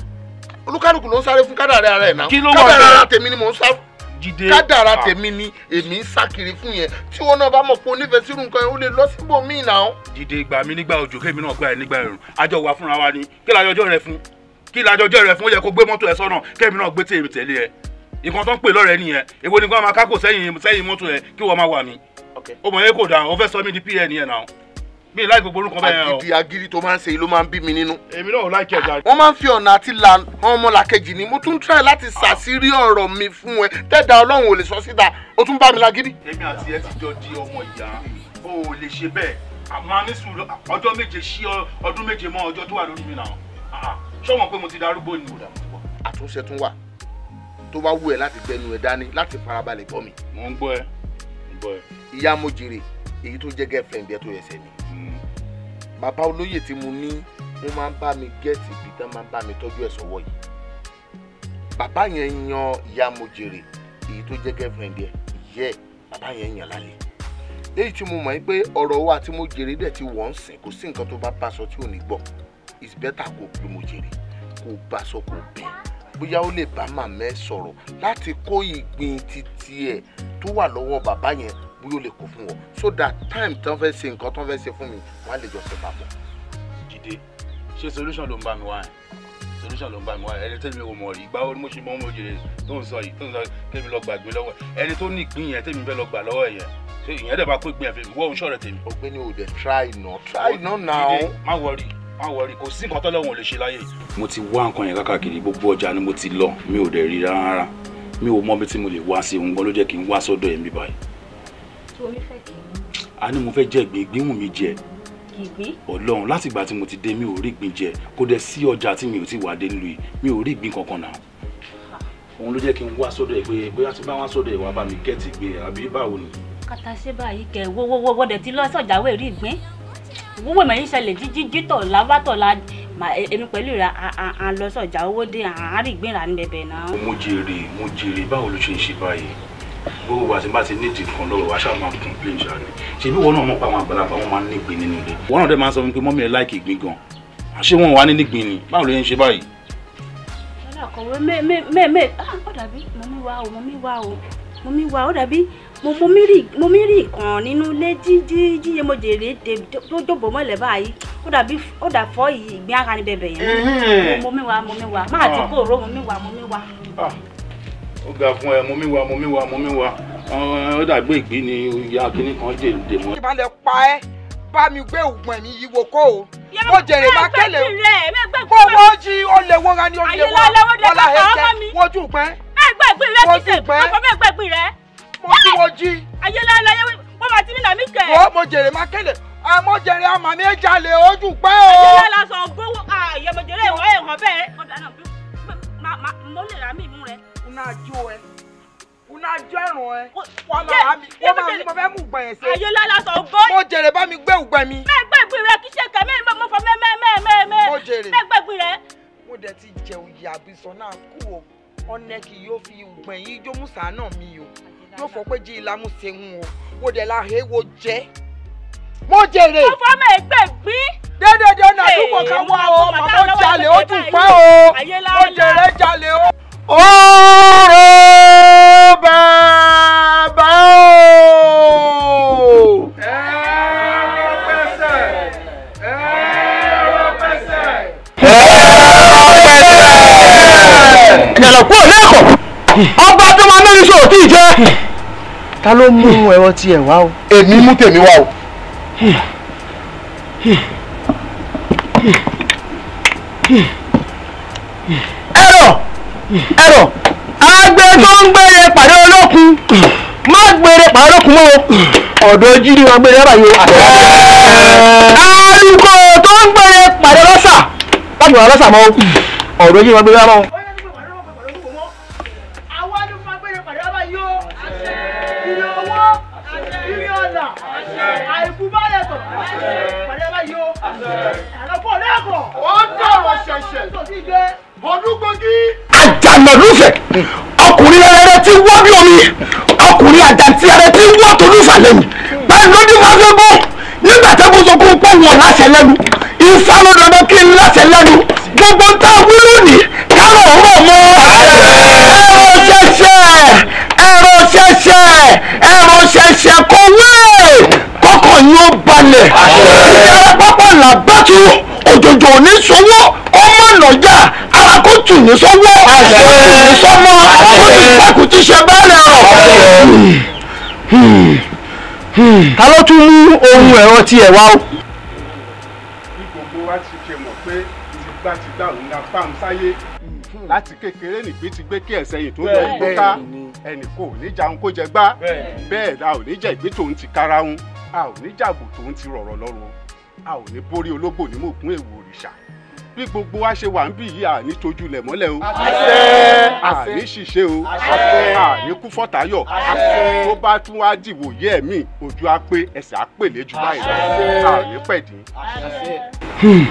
E: olúkálùkù ló ń sáré fún kádàrá rẹ̀ náà kádàrá tèmi ni mò ń sáré jíde. kádàrà ah. tèmi ni èmi ń sá fún yẹn tí wọn náà bá mọ̀ pé onífẹ̀ẹ́ sírù nǹkan yẹn ó lè lọ síbò míì náà. jíde gbà mí nígbà òjò kémi náà gbà ẹ nígbà ẹ̀rùn àjọ wà fúnra wa ni kí lajọjọ rẹ fún kí lajọjọ rẹ fún ó yẹ kó gbé mọ́tò ẹ sọ́nà kémi náà gbé tèmi tẹ̀lé ẹ nǹkan tó ń pè lọ́rẹ̀ nìyẹn èwo ni kí máa kákò sẹ́yìn mọ́tò ẹ kí wọ́n máa wà mí ó mọ̀ yẹ kó dáa ó fẹ́ sọ mí di pn yẹn náà mi láì gbogbo orúkọ bẹ́ẹ̀ o. àgìdì àgìdì tó máa ń ṣe yìí ló máa ń bí mi nínú. èmi náà ò láì kí ọjà. wọ́n máa ń fi ọ̀nà àti la ọmọ làkejì ni mo tún try láti ṣàṣírí ọ̀rọ̀ mi fún ẹ tẹ́dà ọlọ́run ò lè sọ síta o tún bá mi lágídí. èmi àti ẹ ti jọ di ọmọ ìyá o ò lè ṣe bẹ́ẹ̀ àmọ́ nísùn ọjọ́ méje sí ọdún méje mọ́ ọjọ́ tó wà lórí mi náà ṣọ́wọ́n pé mo ti darúgbó ni àtúnṣe tún wà tó bá wù ẹ láti gbẹnu ẹ dání láti farabalẹ̀ gbọ́ mi. mo ń mo jèrè èyí tó jẹ́ girlfriend ẹ bàbá olóyè tí mo ní wọ́n máa ń bá mi gẹ́ẹ̀tì ibi tán máa ń bá mi tọ́jú ẹ̀ sọ́wọ́ yìí bàbá yẹn yan ìyá mojèrè èyí tó jẹ́ girlfriend ẹ̀ yẹ bàbá yẹn yàn lálẹ́ èyí tí mo mọ̀ ẹ́ pé ọ̀rọ̀ wa tí mojèrè dẹ̀ ti wọ́n sìn kò sí nǹkan tó bá bá sọ tí ò ní gbọ́ it's better kó pe mojèrè kó bá sọ kó bẹ́ẹ̀ bóyá ó lè bá màmá ẹ sọ̀rọ̀ láti kó ìgbín titi ẹ̀ tó wà lọ́wọ́ bàbá yẹn bóyá lè kó fún wọn so that time tán fẹ́ ṣe nǹkan tán fẹ́ ṣe fún mi wọ́n á lè jọ ṣe papọ̀. Jídé ṣé solution ló ń bá mi wá ẹ̀ solution ló ń bá mi wá ẹ̀ ẹni tẹ́mi ò mọ̀ rí ìgbà orí mo ṣe mọ́ ọmọ òjèrè tó ń sọ yìí tó ń sọ tẹ́mi lọ gbàgbé lọ́wọ́ ẹni tó ní ìpín yẹn tẹ́mi fẹ́ lọ gbà lọ́wọ́ yẹn ṣé ìyẹn dẹ̀ bá kó ìpín yẹn fẹ́ wọ́n ń ṣọ̀rẹ́ tèmi. ọ̀gbẹ́ni try not try not now. Jídé má wọrí má wọrí kò sí nǹkan tọ́lọ́wọ̀n ò lè ṣe láyé. mo ti wá nǹkan yẹn káàkiri gbogbo ọjà ni mo ti lọ mi ò dẹ̀ rí rárá mi ò mọ bí tí mo lè wá sí òun gan ló jẹ́ kí n wá sọ́dọ̀ ẹ̀mí báyìí torí fẹ́ kí n. a ní mo fẹ́ jẹ ìgbín ìgbín wù mí jẹ. ìgbín. ọlọ́run láti ìgbà tí mo ti dé mi ò rí ìgbín jẹ kó dẹ sí ọjà tí mi ò ti wà dé nílùú yìí mi ò rí ìgbín kankan náà. òun ló jẹ́ kí n wá sọ́dọ̀ ẹ̀ pé bóyá tí bá wá sọ́dọ̀ ẹ̀ wá bá mi kẹ́ẹ̀tì gbé àbí báwo ni.
B: kàtà ṣe báyìí kẹ wo wo wo wo dẹ̀ ti lọ sọ̀jà wẹ̀ rí ìgbín wúwo mọ̀ yín ṣẹlẹ̀ jíjí jítọ̀ lábàtọ̀lá èmi e, pẹ̀lú rẹ̀ à ń lọ sọ̀jà owó dé àárín ìgbìnrà ní bẹ̀bẹ̀ náà. mo
E: jèrè mo jèrè báwo ló ṣe ń ṣe báyìí gbogbo wa ti bá ti nídìí kan lọ́wọ́ wa ṣáà máa complain ṣáà ni ṣebí wọn náà mọ̀ pa àwọn àgbàlagbà wọn máa ń nígbìn nínú ilé. wọn náà dẹ́ máa ń sọ fún mi pé mọ́mí ẹ̀ láìkì gbin gan àṣé wọn wà ní nígbìn ni báwo ló yẹn ṣe báyìí.
B: ọ̀dà kọ̀wé mẹ́ẹ̀mẹ́ ah, ó dàbí mọ́mí wa o mọ́mí wa o mọ́mí wa ó dàbí mo mí rí ìkàn nínú ilé jíjíye mo jèrè tó jòbó mọ́lẹ̀ báyìí ó dàbí ó dà fọ́ ìgbín ara ní bẹ̀bẹ̀ yẹn ah. mọ́mí wa mọ́mí
D: wa ah. máa ti kó òró mọ́mí wa mọ́mí wa
E: ó ga fún ẹ mú mi wá mú mi wá mú mi wá ó dàgbé ìgbín ni ìyá kínní kan dè dè mọ́. ìbá
D: lẹ pa ẹ bá mi gbé ògbọ̀n mi yí wo kó o kó jèrè má kẹlẹ kó wọ́n jí olè wọ́n ra ni olè wọ́n ọ̀la ẹ̀jẹ̀ wọ́n jù pẹ́ wọ́n jù pẹ́ mo ti wọ́n ah! jí.
B: ayé lálẹ́ ayé wọ́n bá ti ní làmí kẹ́. wọ́n mo jèrè má
D: kẹlẹ àmọ́
C: jèrè àmà mi jalè ojú pẹ́ o. ayé lálẹ́
B: aṣọ ògbówó àyẹ̀mọ̀jẹ̀rẹ̀ ah, ìwọ́ ẹ̀hàn bẹ́ẹ̀ mo lè rà mí mú rẹ̀ unajo ẹ unajo ẹrùn ẹ wọn lára mi wọn máa ní mo fẹ́ mú
D: ìgbọ̀n yẹn sí. àyè lọ́la sọ gbọ́. mo jèrè bá mi gbé ìgbọ̀n
B: mi. mẹ gbẹ ìgbín rẹ kí ṣe kẹ mẹ mo fọ mẹ mẹ mẹ mẹ mẹ. mo jèrè mẹ
D: gbẹ ìgbín rẹ. mo dẹ̀ ti jẹ òye àbísọ náà kú o ọ̀nẹ́ kì yóò fi ìgbọ̀n yìí jó musa náà mi o yóò fọ pé jí ìlàmú sehun o wo dẹ̀ la he wo jẹ́ mo jèrè. mo fọ́ mẹ́ gbẹ̀gbín dédédé ọ̀nà àdúgbò kan wá o bàbá jalè ó tún pẹ́ o ó jèrè jalè o ọ̀rọ̀ bàbá
C: o. ẹ̀rọ pẹ̀sẹ̀ ẹ̀rọ pẹ̀sẹ̀. ẹ̀rọ pẹ̀sẹ̀. ìyàlọ̀ kúrò lẹ́kọ̀ọ́ ọba tó máa mẹ́rin sọ̀rọ̀ tí ì jẹ́.
E: ta ló mú ẹ̀rọ tiẹ̀ wá o. èmi mú tèmi wá o.
C: Yeah ẹ̀rọ agbe tó ń gbére pàdé olókun má gbére pàdé olókun mọ́ ọ̀dọ̀ ojú ni wọ́n gbére báyìí o. alukó tó ń gbére pàdé lọ́sà láti wà lọ́sà mọ́ ọ̀dọ̀
A: ojú ni wọ́n gbére mọ́.
C: Ọdún gbòógì ànàlúfẹ̀ ọkùnrin rere tí wọ́n bí omi ọkùnrin àjàntí rere tí wọ́n tó lùfà lẹ́nu pẹ̀lú lójú bọ́ nígbà tẹ́ mo sọ fún un pé láṣẹ lẹ́nu ìsáró dandan kí n láṣẹ lẹ́nu gbogbo tá a wí lónìí kárọ̀ rọ̀ mọ́ ẹ̀rọ ṣẹṣẹ ẹ̀rọ ṣẹṣẹ ẹ̀rọ ṣẹṣẹ kọ̀wé kọkàn yóò balẹ̀ ìyára pápá làbátú òjòjò ò ní sọ́wọ́ kọ́ mọ̀nà yá tù ní sọ́wọ́ àṣẹ tù ti ṣe bẹ́ẹ̀rẹ̀ rọ̀. ta ló tún mú ohun ẹ̀rọ ti ẹ̀ wá o.
E: bí gbogbo wa ti ṣe mọ̀ pé tipátipá òun la fáwọn sáyé láti kékeré nìgbé ti gbé kí ẹsẹ̀ yìí tó lọ igbó ká ẹnì kò ní jàun kó jẹ gbá bẹ́ẹ̀ la ò ní jẹ ìgbé tòun ti kára ń a ò ní jàbò tòun ti rọ̀rọ̀ lọ́rùn a ò ní borí ológbò nímọ̀ òkun èèwò òrìṣà bí gbogbo wa ṣe wà ń bì yìí àní tójú lẹ̀ mọ́lẹ̀ o àní ṣìṣe o àní kú fọ́tayọ̀ tó bá tún wá dìwò yé ẹ̀mí ojú á pé ẹsẹ̀ á pèlè jù báyìí lọ àní pẹ̀dín. Hmm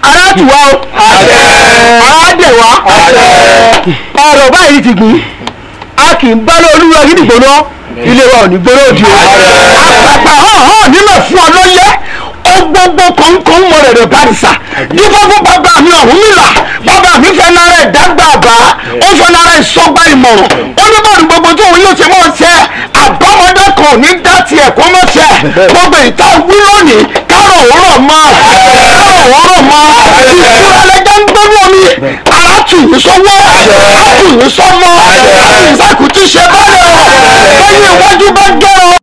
A: aláàtúwá o
C: àádẹ́wà ọ̀rọ̀ báyìí ti gbìn a kì í bá lóolúwa gidi gbóná ilé wa ò ní gbóná òdi o àpàpà hàn hàn nílẹ̀ fún ọ lọ́yẹ́ gbogbo kọ̀ọ̀kan mọ̀ rẹ̀ rẹ̀ barisa dífọ́ fún bàbá mi Ọ̀rúnmìlà bàbá mi fẹ́ nára ẹ̀ dágbà bá ó fẹ́ nára ẹ̀ sọ́gbà ìmọ̀ràn ó ní bọ́ọ̀lù gbogbo tí òun yóò ṣe mọ́ ṣẹ́ àbámọ́dé kan ní dá tiẹ̀ kó mọ́ ṣẹ́ gbogbo ìta wí lónìí kárọ̀ òwúrọ̀ mọ́ kárọ̀ òwúrọ̀ mọ́ ìfúra lẹ́jọ́ ń gbọ́ lómi ara tù ní sọ́wọ́ á tù ní sọ́mọ́ àtùnsákùtù ṣe bọ́ọ̀lù
A: lẹ́yìn iwájú bá gẹ́rọ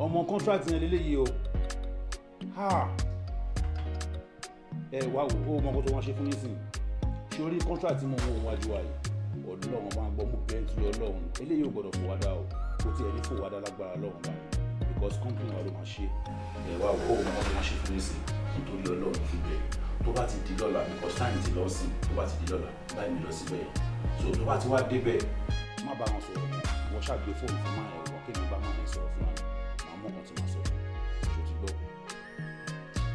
E: ọmọ contract yẹn lélẹ́yìí o ẹ wá wò ó mọ́kọ́ tó wọ́n ṣe fún yín sìn sórí contract tí mo ń wo wájú wa yìí ọlọ́run máa ń gbọ́ mú bẹ́ńtì ọlọ́run eléyìí ò gbọ́dọ̀ fò wá dá o kò tiẹ̀ ní fò wá dá lágbára ọlọ́run báyìí because company wa ló máa ṣe ẹ wá wò ó mọ́kọ́ tó wọ́n ṣe fún yín sìn nítorí ọlọ́run fi bẹ̀ tó bá ti di lọ́la because time ti lọ sí tó bá ti di lọ́la báyìí lọ síbẹ̀ so tó bá ti wá débẹ̀ má bá wọn sọ̀rọ̀ wọ́n ṣàgbé fóònù fún máa ẹ̀rọ kéèyàn bá máa sọ̀rọ̀ fún wa mọ nǹkan tí màá sọ ṣó ti gbọ́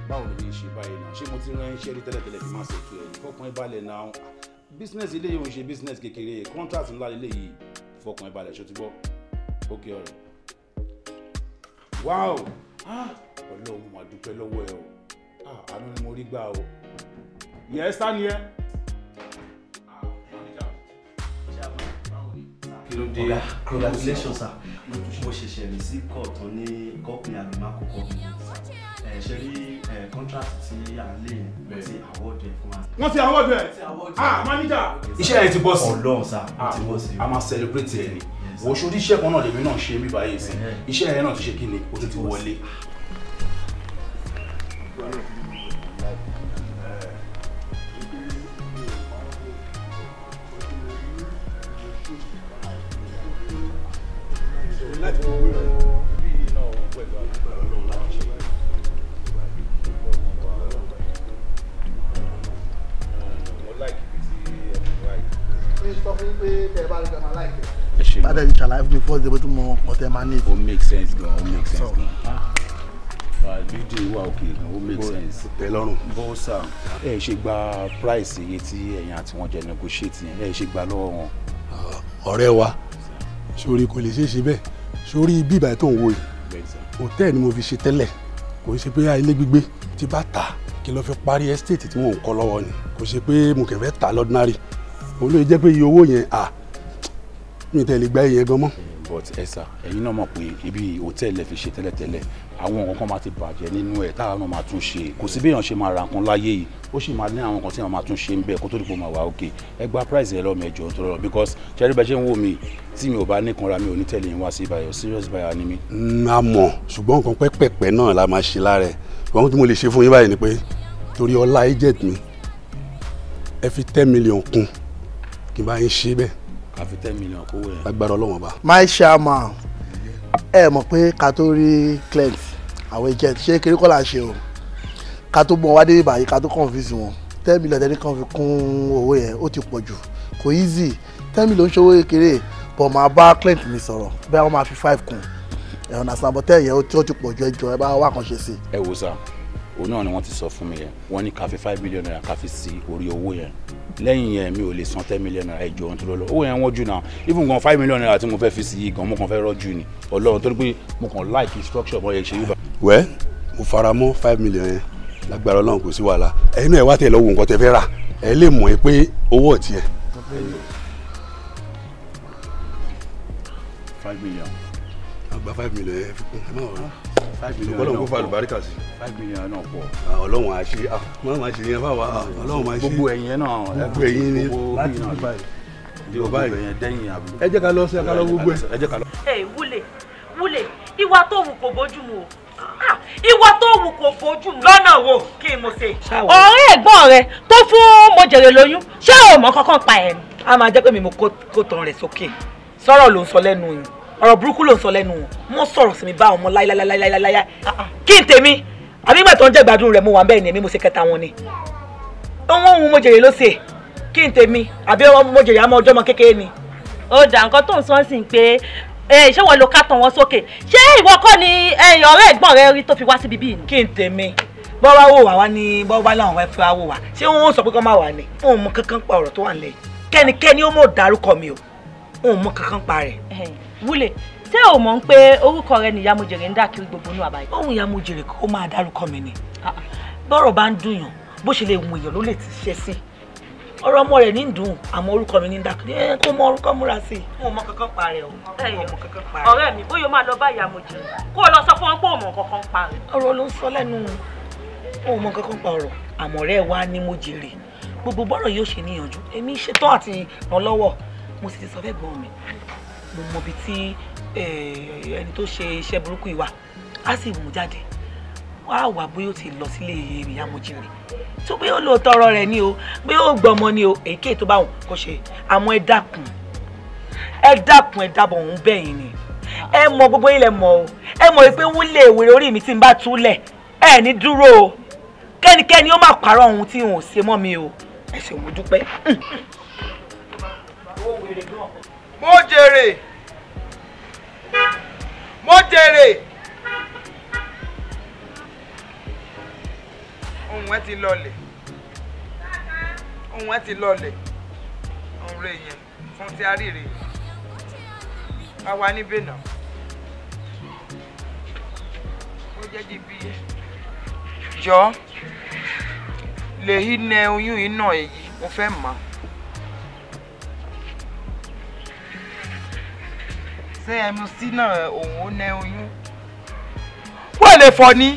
E: báwo ló ní ṣe báyìí náà ṣé mo ti rán iṣẹ́ rí tẹ́lẹ̀tẹ́lẹ̀ fi máa ṣètò ẹ̀ fọkàn ìbàlẹ̀ náà business ilé yìí ò ń ṣe business kékeré contract ńlá ilé yìí fọkàn ìbàlẹ̀ ṣó ti gbọ́ ókè ọ̀rẹ́ wow ah! ọlọ́run mà dúpẹ́ lọ́wọ́ ẹ o ah, àánú ni mo rí gbà o yẹ ẹ sá ni ẹ. Ah, kí ló dé congratulations sir mo ṣẹ̀ṣẹ̀ rí sí kọ̀ọ̀tàn ní gọ́ọ̀pì àgbẹ̀má kọ̀kọ́ ṣe rí contract tí à lè wọ́n ti award ẹ̀ fún wa. wọ́n ti award ẹ̀ ah manager. iṣẹ́ yẹn ti bọ́ sí. ọlọ́run sá ti ah, bọ́ sí. a máa celebrate ẹ ni òṣòdì iṣẹ́ kan náà lèmi náà ṣe mí báyìí sí iṣẹ́ yẹn náà ti ṣe kí ni o tún ti wọlé. tẹ máa ní. ó make sense gan ó make sense gan bídìí ah, makes sense. tẹ lọ́rùn. bó sà ẹ price iye tí ẹ̀yin àti negotiate yẹn ẹ ṣe gba lọ́wọ́ wọn. Ah, ọ̀rẹ́ wa sórí kò lè ṣeé ṣe bẹ́ẹ̀ sórí bíbá tó ń wo yìí hòtẹ́ẹ̀ ni mo fi ṣe tẹ́lẹ̀ kò ṣe pé ilé gbígbé ti bá tà kí lọ́ọ́ fi parí estate tí wọ́n ń kọ́ lọ́wọ́ ni kò ṣe pé mo kẹ̀ fẹ́ lọ́dúnárì olóye jẹ́ pé iye owó yẹn à mi tẹ̀lé gba iye gan mọ́ but ẹ sà ẹ̀yin náà mọ̀ pé ibi hòtẹ́ẹ̀lì fi ṣe tẹ́lẹ̀tẹ́lẹ̀ àwọn nǹkan kan máa ti bàjẹ́ nínú ẹ̀ táwọn náà máa tún ṣe kò sí bí èèyàn ṣe máa ra nǹkan láyé yìí ó sì máa ní àwọn nǹkan tí wọ́n máa tún ṣe ń bẹ̀ kó tó dìbò máa wà òkè ẹ gba price ẹ lọ́mọ ẹjọ́ tó lọ́rọ̀ because ṣẹ́rí bẹ́ẹ̀ ṣe ń wò mí tí mi ò bá ní kanra mi ò ní tẹ̀lé yín wá sí ibàyọ̀ serious buyer ni mi. a mọ̀ ṣùgbọ́n nǹkan pẹ́pẹ̀pẹ́ náà la máa ṣe lára ẹ̀ ṣùgbọ́n tí mo lè ṣe fún yín báyìí ni pé torí ọlá agent mi ẹ fi ten million kún kí n bá yín ṣe bẹ́ẹ̀ àfi ten million kówó yẹn. agbára ọlọ́wọ́n bá. my chairman ẹ mọ̀ pé ká tó rí client àwọn agent ṣé kiri kọ́ là ń ṣe o ká tó bọ̀ wá dé ká tó confuse wọn ten million tẹ́lẹ̀ kan fi kún owó yẹn ó ti pọ̀ jù kò easy ten million ṣòwò kékeré bọ̀ máa bá client mi sọ̀rọ̀ bẹ́ẹ̀ wọ́n máa fi five kún ẹ̀ ọ̀nà àsàbọ̀tẹ́ yẹn ó ti pọ̀ jù ẹjọ́ ẹ bá wà kàn ṣe sí. ẹ wò sáà òun náà ni wọ́n ti sọ fún mi yẹn wọ́n ní ká five million naira ká sí orí owó yẹn lẹ́yìn yẹn mi ò lè san ten million naira ìjọ ohun tó lọ́lọ́ owó yẹn wọ́n jù náà even gan five million naira tí mo fẹ́ fi sí yìí gan mo kàn fẹ́ rọ́jú ni ọlọ́run torí pé mo kàn like structure bọ́ yẹn ṣe yíba. wẹ́ mo fara mọ́ five million yẹn lágbára ọlọ́run kò sí wàhálà ẹ̀yin náà ẹ wá tẹ̀ lọ́wọ́ nǹkan tẹ fẹ́ rà ẹ lè mọ̀ pé owó ọ̀tí ẹ̀. five million. àgbà five million yẹn fi kún ẹ má wọ̀ ọlọ́run kó fa àlùbáríkà sí. five million náà pọ̀. Ah, ọlọ́run á ṣe ọlọ́run ah, á ṣe yẹn fáwa ah, ọlọ́run á ṣe. gbogbo ẹ̀yin náà gbogbo ẹ̀yin ni láti bí o báyìí ẹ jẹ́ ká lọ sí ẹ ká lọ gbogbo ẹ. ẹ jẹ́ ká lọ.
B: ẹ wúlẹ̀ wúlẹ̀ ìwà tó wù kò bójú mu o ìwà tó wù kò bójú mu lọ́nà wo kí
A: n mo ṣe. ọ̀rẹ́
B: ẹ̀gbọ́n rẹ tó fún mojèrè lóyún ṣé o mọ̀ kankan pa ẹ̀ ni.
A: a máa jẹ́ pé mi mo kó tán rẹ̀ sókè sọ̀rọ̀ ló ń sọ lẹ́nu yìí ọ̀rọ̀ burúkú ló ń sọ lẹ́nu wọn sọ̀rọ̀ sí mi bá ọmọ láíláíláíláíláíláí ah, ah. kí n tèmi àbí ìgbà tó ń jẹ́ ìgbádùn rẹ̀ mo wà bẹ́ẹ̀ ni èmi mo ṣe kẹta wọn ni ohun ohun mo jèrè ló ṣe kí n tèmi àbí mo
B: jèrè àmọ́ ọjọ́ ọmọ kékeré ni. ó dà nǹkan tó ń sọ sí pé ṣé wọn lo kàtàn wọn sókè ṣé ìwọ kọ́ ni ọ̀rẹ́ ẹ̀gbọ́n rẹ rí tó fi wá síbi bíi ni. kí n tèmi bọ́ wá wò wá wá ní bọ́ wá láwọn wá fi wá wò wá ṣé wọ́n sọ pé kọ́ máa wà ní. n mọ kankan pa ọ̀rọ̀ tó wà nílẹ̀ kẹ́nikẹ́ni ó mọ̀ dárúkọ mi o n mọ kankan pa rẹ̀ wúlẹ̀ ṣé o mọ̀ pé orúkọ rẹ ni ìyàmójèrè ń dà kiri gbogbo inú àbáyé. ohun ìyàmójèrè kó máa dárúkọ mi ni ah, ah. bọ́rọ̀ bá ń dùnyàn bó ṣe lè wù èèyàn ló lè ti ṣe sí ọ̀rọ̀ ọmọ rẹ̀ ní ń dùn àmọ́ orúkọ mi ní ń dà kiri ẹ kó mọ orúkọ múra sí i. mo mọ kankan pa rẹ o mo kankan pa rẹ. ọ̀rẹ́ mi bóyá máa lọ bá ìyàmójèrè kó o lọ sọ fún wọn pé o mọ kankan pa rẹ. ọ̀rọ̀ ló ń sọ o mọ kankan pa ọ̀rọ̀ mo jèrè gbogbo bọ́rọ̀ yóò ṣe níyànjú èmi ṣetán àti ràn lọ́wọ́ mo sì ti sọ fẹ́ gbọ́n mi mo mọ ibi tí eh, ẹni tó
A: ṣe iṣẹ́ burúkú yìí wà á sì mú jáde wá wà bóyá ó ti lọ sílé ìyá mojìnrìn
B: tó bóyá ó lò tọrọ rẹ ni o bóyá ó gbọmọ ni o èké tó bá wọn kò ṣe àmọ́ ẹ dákun ẹ dákun ẹ dábọ̀ òun bẹ́yìn ni ẹ mọ gbogbo ilẹ̀
A: mọ̀ o ẹ mọ̀ pé wọ́n lè wèrè orí mi tí n bá túlẹ̀ ẹ ní dúró o kẹ́nikẹ́ni ó má pààrọ̀ ohun tí n ò ṣe mọ́ mi o ẹ ṣe mo dúpẹ́. mo jèrè
D: mo jèrè. ohun ẹ ti lọlẹ̀ ohun ẹ ti lọlẹ̀ ohun rẹ yẹn fún ti àríre bá wa níbẹ̀ náà ó jẹ́ jí bí jọ lèyí nẹ oyún iná èyí mo fẹ́ mọ̀ ṣé mc náà òun ó nẹ oyún wọ́n lè fọ ni.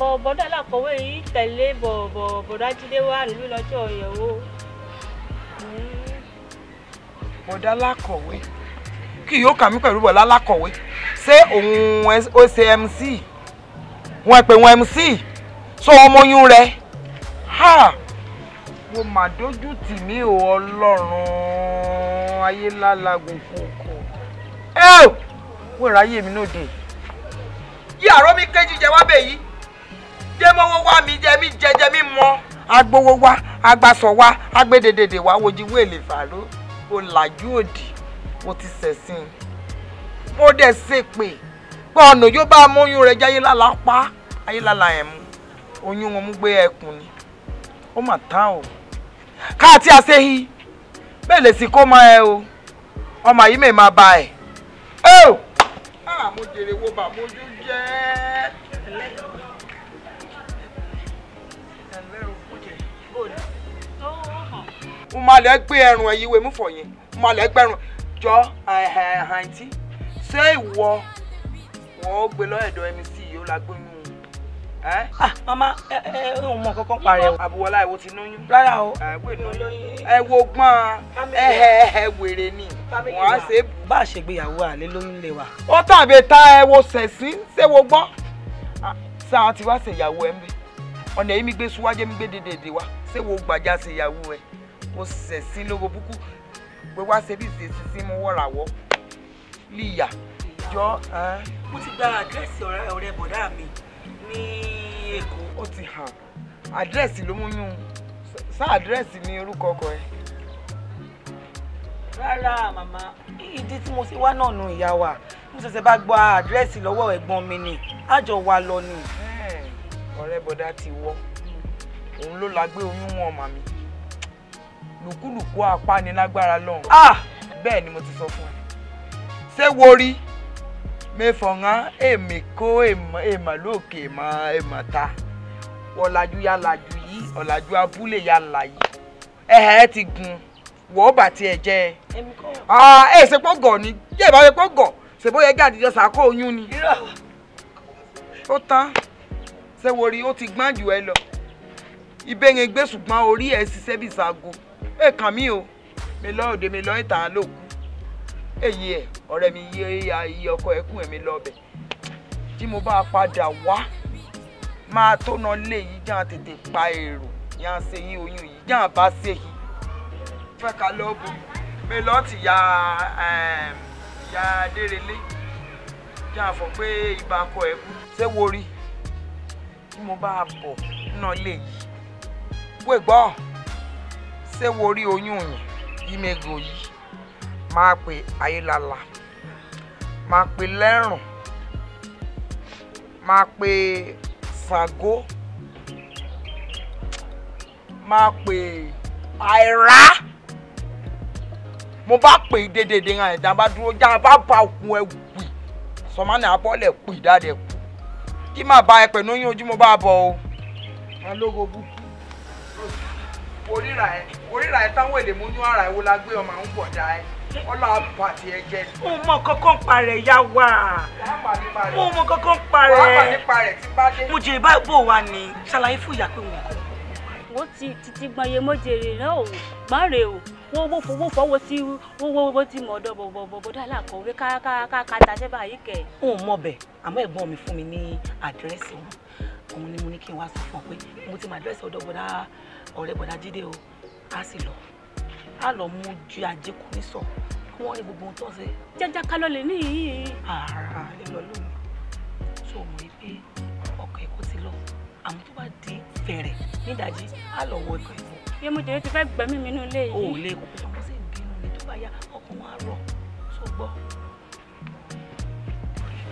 B: bọ̀bọ̀dá làkọ̀wé yìí tẹ̀lé bọ̀bọ̀dá jíde wà nílùú lọ́jọ́ ìyẹ̀wò.
D: bọ̀dá hmm. làkọ̀wé kì yóò kà mí pẹ̀lú bọ̀dá làkọ̀wé ṣé òun ó ṣe mc wọn pè wọn mc sọ ọmọ oyún rẹ mo mà dójú tì mí o ọlọ́run ayé ńlá lagun kòkò ẹ ò wọ́n ra ayé mi náà dé. yí àárọ̀ mi kéjì jẹ wá bẹ́ẹ̀ yìí jẹ́ mọ́wọ́ wá mi jẹ mí jẹjẹ mí mọ́. agbowó wá agbasọ wá agbẹdẹdẹdẹ wá wojú wèlé fàáró o làjú òdì o ti ṣẹ̀sìn mo dẹ̀ ṣépè pé ọ̀nà yóò bá amóyún rẹ̀ jẹ́ ayélálá pa ayélálá ẹ̀ mú oyún wọn mú gbé ẹkùn ni ó mà tán o káàtì àṣehìn bẹ́ẹ̀ lè sì kó mọ́ ẹ o ọmọ yìí mè máa ba ẹ̀. mo gbé ẹrùn ẹ yíwèé mú fọ yẹn mo gbé ẹrùn jọ àǹtí ṣé ìwọ wọn gbé lọ́ọ̀dọ̀ ẹ̀mí sí yìí ó ah mama eh, eh, òun mọ kankan parẹ o. àbúwọlá ìwo ti lóyún. rárá o. àìwé lóyún. ẹ wo gbọ́n eh, eh, wèrè ni wọ́n á ṣe. bá a ṣe gbéyàwó àlẹ́ lóyún lè wà. ó tàbí ta ẹ wo sẹ̀sìn ṣé wo gbọ́n. sáà ah, ti wá ṣèyàwó ẹ ń bẹ ọ̀nà yìí mi gbé súwájẹ́ mi gbé dèdèdè wá ṣé wo gbàjà ṣèyàwó ẹ kò sẹ̀sìn lógo búkú pé wá ṣe bí ìṣesí sí mú wọ́ràwọ́ líyà jọ. mo ti gba àdírẹ́sì ọ̀rẹ́ bọ̀dá mi ní Èkó ó ti hàn àdírẹ́sì ló mú yún sá àdírẹ́sì ní orúkọ ọkọ ẹ. rárá màmá ìdí tí mo ṣe wá náà nu ìyá wa mo ṣẹ̀ṣẹ̀ bá gba àdírẹ́sì lọ́wọ́ ẹ̀gbọ́n mi ni àjọ wa lọ ni. ọ̀rẹ́ bọ̀dá ti wọ́ òun ló la gbé oyún wọn màmí lùkúlùkú apánilágbára lọ́hùn. Ah! bẹ́ẹ̀ ni mo ti sọ fún ẹ ṣé wo rí mefọ̀ngá èmi kó èmà lókè èmà èmà ta ọ̀làjú ya làjú yìí ọ̀làjú abúlé ya là yìí ẹ̀hẹ́ ti gun wọ́ọ́ bà tiẹ̀ jẹ́ ẹ ṣe pọ́ gọ̀ ni yẹ́ ìbá ṣe pọ́ gọ̀ ṣe bó yẹ gáàdì jọ sàkó oyún ni ó tán ṣe wo rí ó ti gbọ́n jù ẹ lọ ìbéèrè gbé ṣùgbọ́n orí ẹ̀ ṣiṣẹ́ bí ṣàgó èèkàn mi ò mi lọ́ọ́ òde mi lọ́ọ́ ìtàn lókun èyí ẹ̀ ọ̀rẹ́ mi yé ayé ọkọ ẹkún ẹ̀mí lọ́bẹ̀ tí mo bá padà wá máa tó na lé yìí jẹ́ àtètè pa èrò yà ń ṣe yín oyún yìí jẹ́ àbá ṣe yìí fẹ́ ká lọ́ bu mi lọ́ọ̀tì ya ya adérelé jẹ́ àfọ̀ pé ibà akọ ẹ̀kú ṣé wo rí tí mo bá bọ̀ na lé yìí wé gbọ́ ṣé wo rí oyún yìí yí mego yìí máa pe ayélala máa pe lẹ́rùn máa pe fàgó máa pe àìrá mo bá pè é dédédé hàn ẹ̀dá bá dúró já bá ba òkun ẹ̀ wì sọmánì abọ́lẹ̀ pè dáadẹ̀ kú kí má ba ẹ pẹ̀lú yín ojú mo bá bọ̀ o. alógo búkú oríra ẹ oríra ẹ táwọn èlé mú inú ara ẹ wo la gbé ọmọ àwọn bọ̀dá ẹ ọlá pàtì ẹ̀jẹ̀. o mọ kankan pa rẹ̀ yá wa. o mọ kankan pa rẹ̀. mo jèrè bá
B: bò wá ni ṣàlàyé fún ìyá pé wọn wọ́n ti titi gbanye mo jèrè náà o má rè o wọ́n wọ́n fọwọ́ fọwọ́ sí wọ́wọ́wọ́ tí mo ọ̀dọ́ bọ̀bọ̀bọ̀dá làkọ̀wé káàkáà tàṣẹ́ báyìí kẹ̀. n ò mọ bẹ́ẹ̀ àmọ́ ẹ̀gbọ́n mi fún mi ní àdírẹ́sì wọn òun ni mo ní kí n wá sọ fún ọ pé mo ti mọ àdírẹ́sì ọ̀dọ́ bọ̀dá ọ̀rẹ́ bọ̀dá Jídé o á sì lọ á lọ mú ju àjẹkù ní sọ kí wọ́n rí gbogbo ohun tó ń ṣe. jẹjẹ ká lọ lè ní yìí. ara lè lọ lónìí tó mọ̀ ẹ́ pé ọkọ̀ ẹ̀kọ́ ti lọ àmọ́ tó bá di fẹ̀rẹ̀ nídàjí á lọ wọ ẹ̀kọ́ ẹ̀kọ́. yé mo jèrè ti fẹ́ gbẹ̀mí mi nínú ilé yìí. o ò lè kó ọkọ̀ sì bínú mi tó bá yá ọkọ̀ wọn á rọ̀ tó gbọ́.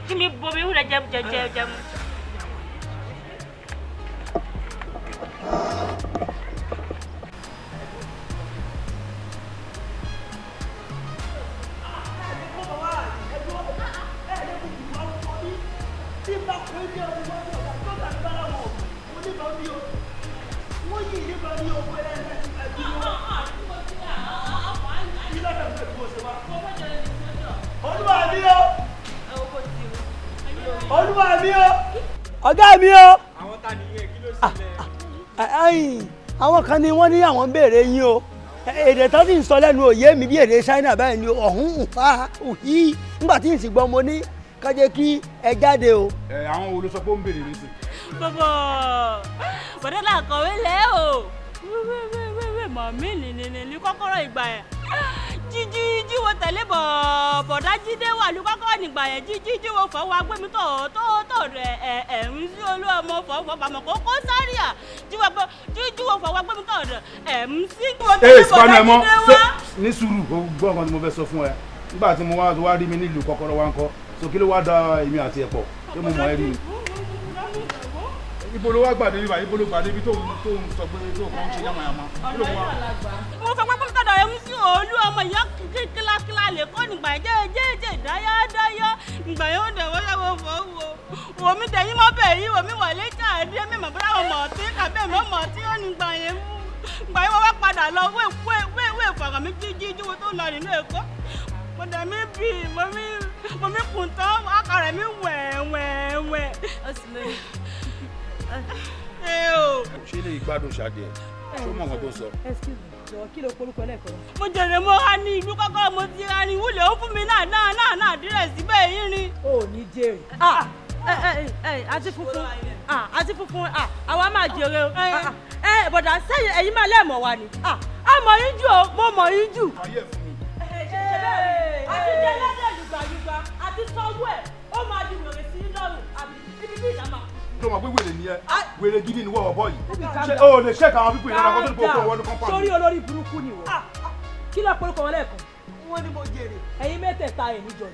B: kí mi bomi wúlẹ̀ jẹ jẹ
A: ọ̀gá mi o ọ̀gá mi o. àwọn ta nìyẹn kí ló ah, ṣẹlẹ̀. Ah, ah, àwọn kan ni wọ́n ní àwọn ń béèrè yín o èdè tó ti ń sọ lẹ́nu òye mi bí èdè China báyìí ni ọ̀hún nfa òhì nígbà tí n sì gbọ́ mo ní ká jẹ́ kí ẹ jáde o.
D: ẹ àwọn wo ló sọ pé ó ń béèrè nísìn.
B: bọ́bọ̀ bọ́dọ̀ làkọ̀wé lẹ́ o màmí nìyẹn ní kọ́kọ́rọ́ ìgbà yẹn jíjí jíwo tẹ̀lé bọ̀ bọ̀dá jídé wà lù kọ́kọ́ nígbà yẹn jíjí jíwo fọwọ́ agbẹ́mi tó tó tó rẹ̀ ẹ̀ ẹ̀ ń sí olú ọmọ fọwọ́ pamọ́ kó kó sáré à jíwo pé jíjíwo fọwọ́ agbẹ́mi tó rẹ̀ ẹ̀ ń sí jíwo tẹ̀lé bọ̀dá jídé wá.
E: ní sùúrù gbọ́ nǹkan tí mo fẹ́ sọ fún ẹ nígbà tí mo wá rí mi nílùú kọ́kọ́rọ́ wa ń kọ́ so kí ló wá da èmi àti ẹ̀pọ̀ ṣé mo mọ̀ ẹ́ ni ibo ló wá gbàdé níbà ibo ló gbàdé ibi tó ń sọ pé tó kàn ń ṣe yàmàyàmà. ọ̀rọ̀ yóò
A: lágbà.
B: mo fẹ́ pápá tọ̀dọ̀ ẹ̀ mú sí òòlù ọmọ ìyá kílákílá lè kọ́ nígbà jẹ́ẹ́jẹ́ dáyádáyá ìgbà yóò dẹ̀wọ́ lọ́wọ́ fọ́ wo wò mí tẹ̀yìn mọ́ bẹ̀ yìí wò mí wọlé jáde mi mọ̀ bọ́lá wọn mọ̀ tí tàbí mọ̀ mọ̀ tí ó ní gbà yẹn mú gbà yẹn wọ́n wá padà lọ wéwéwé fọ̀rọ̀ mi jíjí jíwó tó lọ nínú Èkó mo dẹ̀ mí bì mo mí kùn tán akọ̀rẹ́ mi wẹ̀ẹ̀wẹ̀ẹ̀wẹ̀. ó sì lóye
E: Eh, oh. ṣé lè gbádùn ṣáde ẹ ṣó mọ nǹkan tó sọ.
B: mo jèrè mo ra ní ìlú kọ́kọ́ mo ti ra ìwúlẹ̀ ó fún mi náà náà náà náà dírẹ̀ ni. o ò ní jèrè. o bọ̀dà sẹ́yìn ẹ̀yin máa lẹ́ẹ̀mọ̀ ah, o mo mọ̀ yín jù. àti tó mọ̀ pé wèrè nìyẹn ah!
E: wèrè gidi ni wọ́n ọ̀bọ yìí ṣé o lè ṣẹ́ka àwọn pípé ìlànà kọ́tún kó fún wọn ní kọ́ńpá. sórí
A: olórí burúkú ni wọ́n ah, ah. kí ló polúkọ wọn lẹ́ẹ̀kan. wọ́n ní mo jèrè. ẹ̀yin mẹ́tẹ̀ẹ̀ta ẹ̀ níjọ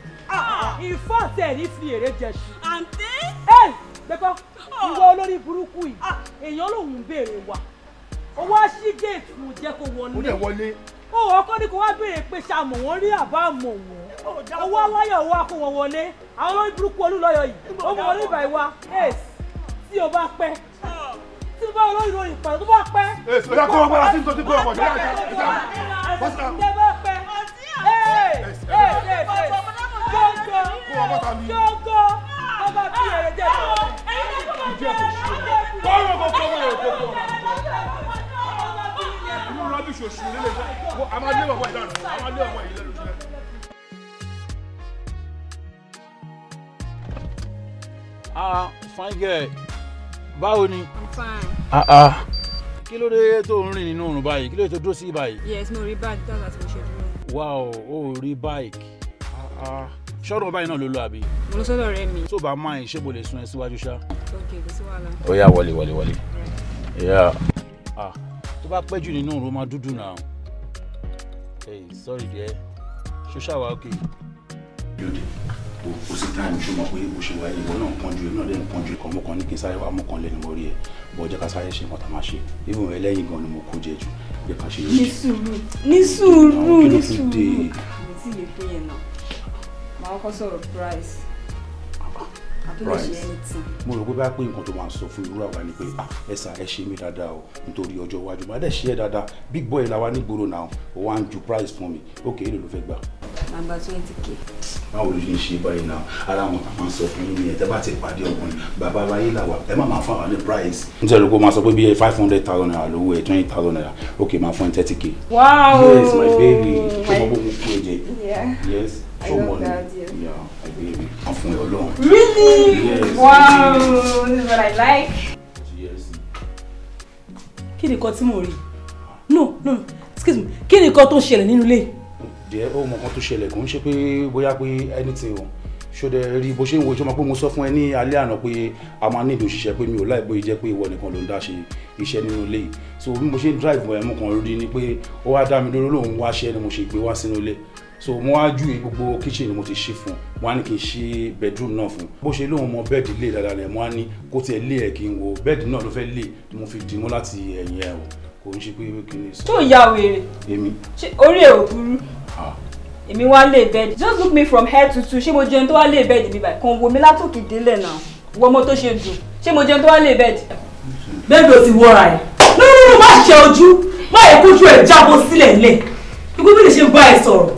B: ni ìfọ́ọ̀tẹ̀ ní fi èrè jẹ sí. àǹtí. ẹ gbẹ́kọ́ ìwọ olórí burúkú yìí èèyàn lòún béèrè wa owó ṣí géètì mo jẹ́ kó wọlé ó ọkọ ní kó wá béèrè pé ṣe àmọ̀ wọ́n rí àbá àmọ̀ wọ́n owó wáyà owó akó wọn wọlé àwọn olórí burúkú olúlọ́yọ̀ yìí ó mú wọlé ìbàyẹ̀wá ace tí o bá pẹ́ tí bá olóyìn lóyìn pàdé tó bá pẹ́. ẹ ṣe kó o máa sí tó ti kó o mọ̀ ní àjà ìjà pásítà. ẹ bá pẹ́ ẹ ẹ ẹ ẹ jọgọ jọgọ ọba bí ẹ jẹ jẹ kọ́ọ̀rọ̀ kò kọ́ọ̀rọ̀ yóò kó
D: kọ́ inú rọ́bìṣì òṣù
B: lélẹ̀
E: a máa lé bàbá ìlànà a máa lé bàbá ìlànà. Ah, fine girl báwo ni. i'm
B: fine. ah ah
E: kí ló dé tó ń rìn nínú òrùn báyìí kí ló dé tó dúró sí báyìí.
B: yes mo rí báàgì táwọn àti mo ṣe dúró.
E: wá o ò rí báàgì ah, ah. ṣọ́ọ̀rùn báyìí náà ló lọ àbí. mo lọ sọ́dọ̀ rẹ mi. tó bá máa ń ṣe mo lè sun ẹ síwájú ṣá.
B: ok kò sí wàhálà. ó yá
E: wọlé wọlé wọlé. Ah, tó bá pẹ́ jù nínú òrùn máa dúdú náà. sorry díẹ̀ ṣó ṣàwá ok. yóò dé o sì táìmù ṣó mọ̀ pé o ṣe wáyé ìwọ náà pọ́njú ìwọ náà lẹ́nu pọ́njú ìkọ́ mọ́kàn ní kí n sáré wá mọ́kàn lẹ́nu orí ẹ̀ bọ́ jẹ́ ká sáré ṣe nǹkan tá a máa ṣe even ẹlẹ́yìn gan ni mo kó jẹ jù jẹ́ ká ṣe yóò ṣe. ní sùúrù
B: ní sùúrù ní sùúrù mi ti yẹn náà màá kọ́ sọ̀rọ̀ price
E: mo rò pé bá pé nǹkan tó máa sọ fún irú àwa ni pé ah, ẹsà ẹ ṣe mí dáadáa o nítorí ọjọ́ iwájú máa dẹ̀ ṣe é dáadáa big boy làwa nígboro náà o wá ń ju price fún mi ókè èlò ló fẹ́ gbà
B: nàmbà twenty k.
E: báwo ló ṣe ń ṣe báyìí náà ara wọn máa sọ fún yín nìyẹn tẹ́ bá ti pàdé ọkùnrin bàbá aláyé làwà ẹ má máa fún àwọn ní price. n tẹ̀lé kó máa sọ pé bíi five hundred thousand naira lówó ẹ̀ twenty thousand naira ok máa fún ẹ thirty k.
B: wow yes my baby ṣé mo bó kú ẹ̀jẹ̀. yes so money yeah
E: my baby wọ́n fún ẹ ọlọ́run. really yes,
A: wow this
B: is what i like. kí ni nǹkan tí mo rí no no excuse me kí ni nǹkan tó ń ṣẹlẹ̀ nínú ilé yìí
E: díẹ̀ ó mọ nǹkan tó ṣẹlẹ̀ kò ń ṣe pé bóyá pé anything o ṣọdẹ rí bó ṣe ń wo ìjọba pé mo sọ fún ẹ ní alẹ́ àná pé a máa ní ìdòṣìṣẹ́ pé mi ò láì bóyá jẹ́ pé ìwọ nìkan ló ń dá ṣe iṣẹ́ nínú ilé yìí so bí mo ṣe ń drive ẹ̀ eh, mo kàn rí ni pé ó wá dá mi lóró lòun wá ṣẹ́ ni mo ṣe gbé wá sínú ilé so mo wá ju gbogbo kitchen mo ti ṣe fún mo wá ní kí n ṣe bedroom náà fún bó ṣe lóun mọ bẹ́ẹ̀dì lé dáadáa rẹ̀ mo wá ní kó tiẹ̀ lé ẹ̀ kí n wo bẹ́ẹ̀dì náà ló fẹ́ lé mo fi dìímú láti ẹ̀yìn ẹ̀ o kò ń ṣe pé kìnìún sọ. tó ya wèrè. èmi.
B: ṣé orí ẹ̀ ò burú ah. èmi wá lé bẹ́ẹ̀dì just look me from head to toe ṣé mo jẹun tó wá lé bẹ́ẹ̀dì mi báyìí kàn wò mí látòkè délẹ̀ náà wọ ọmọ tó ṣe dùn ṣé mo jẹun tó wá lé bẹ́ẹ̀dì. bẹ́ẹ̀dì ò ti wọra ẹ̀ lórí má ṣe ojú má yẹ kójú ẹ̀ jábọ́ sílẹ̀ lẹ̀ ikú bí lè ṣe bá ẹ sọ̀rọ̀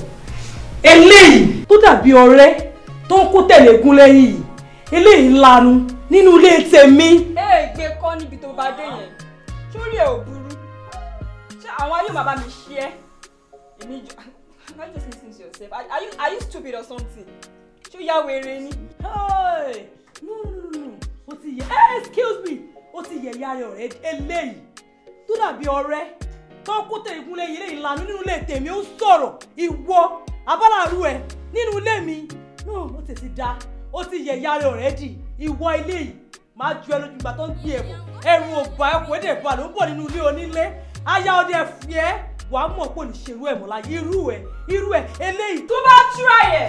B: eléyìí tó dàbí ọ̀rẹ́ tó ń kó tẹ̀lé gún lẹ́yìn yìí eléyìí lanu nínú ilé tèmi. ẹ gbé àwọn ayé bàbá mi ṣí ẹ èmi jù i'm not just listening to yourself are, are you are you stupid or something ṣé o yá ni hey no no no o ti yẹ Eh, excuse me
A: o ti yẹ ìyá rẹ ọ̀rẹ́ eléyìí tó dàbí ọ̀rẹ́ tó kó tẹ ìkúnlẹ̀ yìí lẹ́yìn lanu nínú ilé tèmi ó sọ̀rọ̀ ìwọ abálàrú ẹ nínú ilé mi no o tètè da o ti yẹ ìyá rẹ ọ̀rẹ́ dì ìwọ eléyìí máa ju ẹnu ìgbà tó ń di ẹ̀bùn
B: ẹ̀rù ò bá ẹ̀kọ́ ẹ̀dẹ̀ bá ló ń bọ̀ nínú ilé onílé aya ọdẹ fi ẹ́ wà á mọ̀ pé ò ní ṣerú ẹ̀ mọ́ láyé irú ẹ̀ irú ẹ̀ eléyìí tó bá túra ẹ̀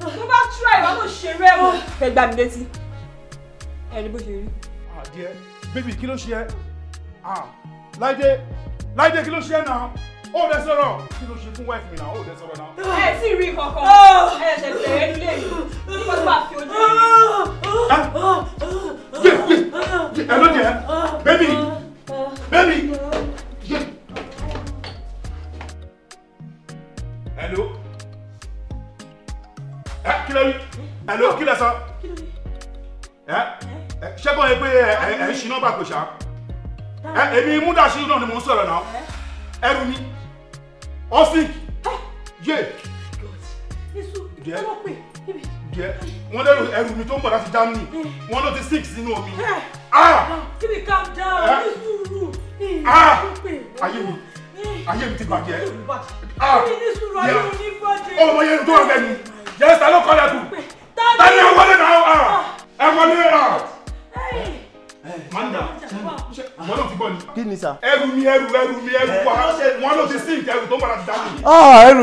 B: tó bá túra ẹ̀ wà á mọ̀ ṣerú ẹ̀ mọ́. fẹ́ gbá mi létí ẹni bó ṣe rí. àdìẹ ah,
E: bébì kí ló ṣe ẹ́ ah, láìdé láìdé kí ló ṣe ẹ́ náà ó dẹ sọ̀rọ̀ kí ló ṣe fún wẹ́ẹ̀fì mi náà ó dẹ sọ̀rọ̀ náà. ẹ tí ì rí kankan oh. ẹ ṣe bẹ̀rẹ̀ nílé yìí
B: nípa tó bá fi ojú rí. ẹ ló jẹ
A: bébì bébì.
E: hello ẹ eh, kí ló yí hello kí lẹ sọ ẹ eh, eh, ṣẹ́gun ẹ pé ẹ ẹ ń ṣí nọ́mbà pè ṣá ẹ èmi múdàṣí náà ni mò ń sọ̀rọ̀ náà ẹrù mi ọ́fíìk yé díẹ̀ díẹ̀ wọ́n lẹ́rù ẹrù mi tó ń bọ̀ láti Germany wọ́n ló ti six sínú omi. Ah! Ah!
B: kí ni calm down ní
A: sùúrù ní ìlú pé ayé mi ayé mi ti bàjẹ́ ọmọ yẹn tó ọgbẹ ni yẹn sá ló kọlẹ kù tani ẹ wọlé náà ẹ wọlé náà.
C: manda wọn ló ti
A: bọ ni. kí ni sa. ẹrù mi ẹrù ẹrù mi ẹrù eh, wa wọn ló ti sink
E: ẹrù tó ń padà dání.
A: ẹrù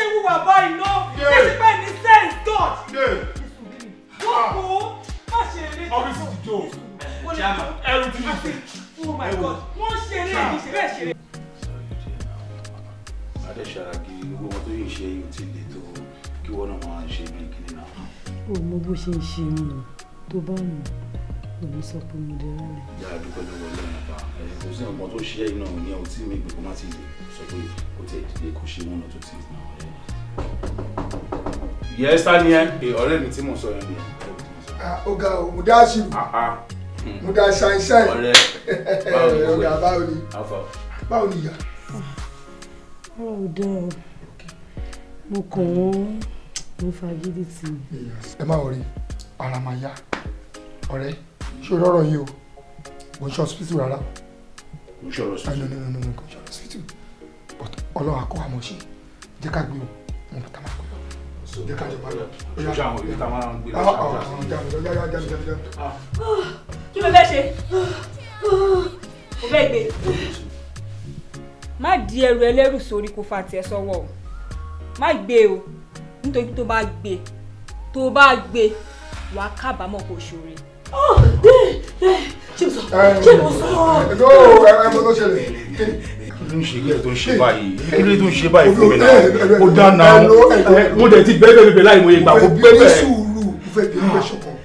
B: ṣe yín o tó bá mọ̀ ọ́ lòún sọ pé mo dẹ́rẹ́ rẹ̀. ìyá àdúgbò lọ́wọ́ lọ́wọ́ bá ẹ̀ kò sí ọmọ tó ṣe iná ní ọtí mi gbogbo má
E: ti lè sọ pé kò tẹ̀ ìdílé kò ṣe wọn tó ti nà ọ́ yẹ ẹ sá ni ẹ ọ̀rẹ́ mi tí mo sọ yẹn ni ẹ.
D: ọ̀gá o mo dá sí i ah, ah.
E: mo dá ṣàìṣàì ọ̀rẹ́ báwo ni báwo ni
B: ìyá. ọ̀rọ̀ ò dáa o mo kàn ń mo fagídí tì ẹ má wọrí
E: ara máa yá ọ̀rẹ́ ṣé o rọrọ yìí o kò ń ṣe hospital rárá o. kò ń ṣe hospital. no no kò ṣe hospital but ọlọ́run akọ́ àmọ́ ṣe jẹ́ ká gbé o mo bàtà máa gbé lọ. jẹ́ ká jọ lọ. ojú àwọn ìlú máa ń gbé lọ.
B: kí ló fẹ́ ṣe mo fẹ́ gbé. má di ẹrù ẹlẹ́rù sórí kó fa tiẹ̀ sọ́wọ́ o má gbé o nítorí tó bá gbé tó bá gbé wàá kábàámọ̀ kò ṣòre.
C: ṣé mo sọ ṣé mo sọ. ẹ̀dọ́ ẹ̀ ẹ̀ mo lọ ṣẹlẹ̀
E: tó ń ṣe ilé tó ń ṣe báyìí ilé tó ń ṣe báyìí fún mi náà ó dáná mo dẹ̀ ti bẹ́ẹ̀ bẹ́ẹ̀ láì mòye gbà kó bẹ́ẹ̀ bẹ́ẹ̀.
C: sùúrù mo fẹ́ bí ẹgbẹ́ ṣọ̀kan.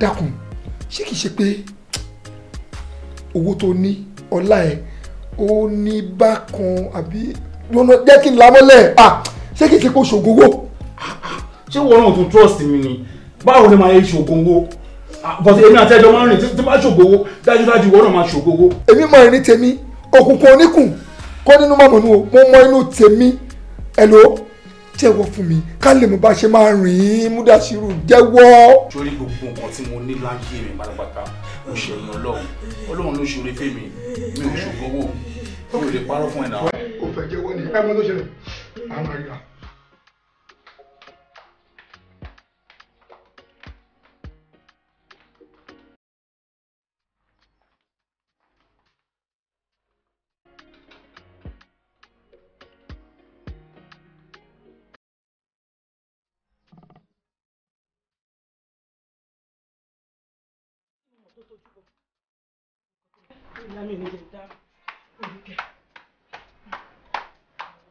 C: dákun ṣé kìí
E: ṣe pé owó tó ní ọlá ẹ ó ní bákan àbí lọ́nà jẹ́ kí n lamọ́lẹ̀ ṣé kìí ṣe pé ó ṣògo owó. ṣé wọn náà tún trust mi ni báwo ni màá yẹ ṣògowó
C: ah, bọ̀sẹ̀ èmi àti ẹjọ́
E: máa ń rìn tí bá ṣògowó dájúdájú wọ́n náà máa ṣògowó. èmi mọ ìrìn tèmi òkùnkùn oníkùn kọ́ nínú mọ̀mọ́nú o mo mọ inú tèmi ẹ̀lò jẹ́wọ́ fún mi ká lè mọ̀ bá ṣe máa rìn ín Múdàṣírù jẹ́wọ́. sórí gbogbo nǹkan tí mo ní láyé mi pátápátá mo ṣe ẹ̀yìn ọlọ́run ọlọ́run ló ṣòro fèmí mi ò ṣògbówó mi ò lè parọ́ fún ẹ̀ náà. ó fẹ́ jẹ́wọ́ ni ẹ mọ ló ṣẹlẹ̀ àwọn
A: mi ò ní jẹ dá olùkẹ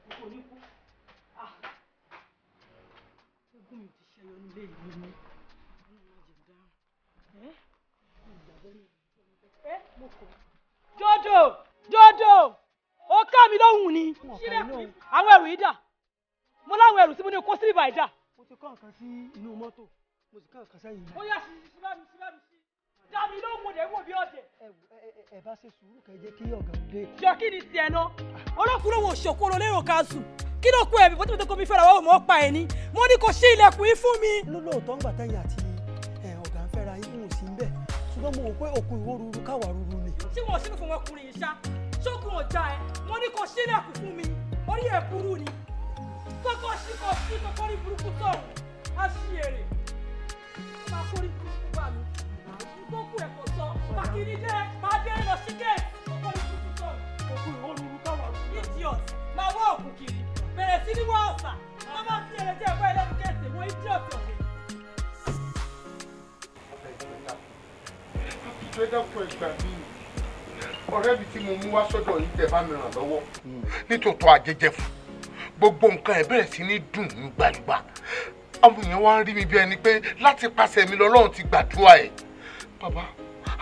B: ọkọ oníkú egun mi ti ṣẹyọ nílé ìlú mi ọmọ máa jẹ dá ẹ ìgbàgbọ́ mi ẹ mo kọ. dodo dodo ó ká mi lóhùn ni àwọn ẹrù yìí dà mo ti kọ́ nǹkan sí inú mọ́tò mo sì kọ́ nǹkan sẹ́yìn. ó yà sí sí bá mi sí bá mi sí dami ló ń wo dẹ́wọ̀ bí ọ̀dẹ̀.
A: ẹ bá ṣe sùúrù kẹ
B: jẹ́ kí ọ̀gá dé. jọ kí ni tiẹ̀ náà olókùnrin wo ṣòkòrò lérò kaṣù kí ló kú ẹ̀mí bó tẹ́tẹ́ kó mi fẹ́ra wá mọ́ pa ẹ̀ ni mo ní kó
A: ṣí ilẹ̀kùn yìí fún mi. lólóòótọ́ ń gbà tẹ́yìn àti ọ̀gá ń fẹ́ra yín wò sí bẹ́ẹ̀ ṣùgbọ́n mo wò pé òkun ìwó ruru káwà ruru ni.
B: tí wọn ò sínú fún ọkùnrin yìí ṣá ṣókun ọjà ẹ mo ní kó ṣí ilẹ̀kùn fún mi orí ẹ̀ burú ni kókó sí kó sí kókó rí burúkú tọ̀hún á sí èrè ó máa kó rí burúkú bá mi tó kù ẹ̀ kò sọ màkìnídé màdé lọ́sígẹ̀ ọkọ ikú títọ̀ òkú ìwọ lulu ní wọ́
E: ọ̀sà mi tí mo mú wá sọ́dọ̀ yìí tẹ̀ fún gbogbo nǹkan ẹ̀ bẹ̀rẹ̀ sí ní dùn ní gbàgbà àwọn èèyàn wá ń rí mi bí ẹni pé láti pàṣẹ mi lọ́lọ́run ti gbàdúrà ẹ̀ bàbá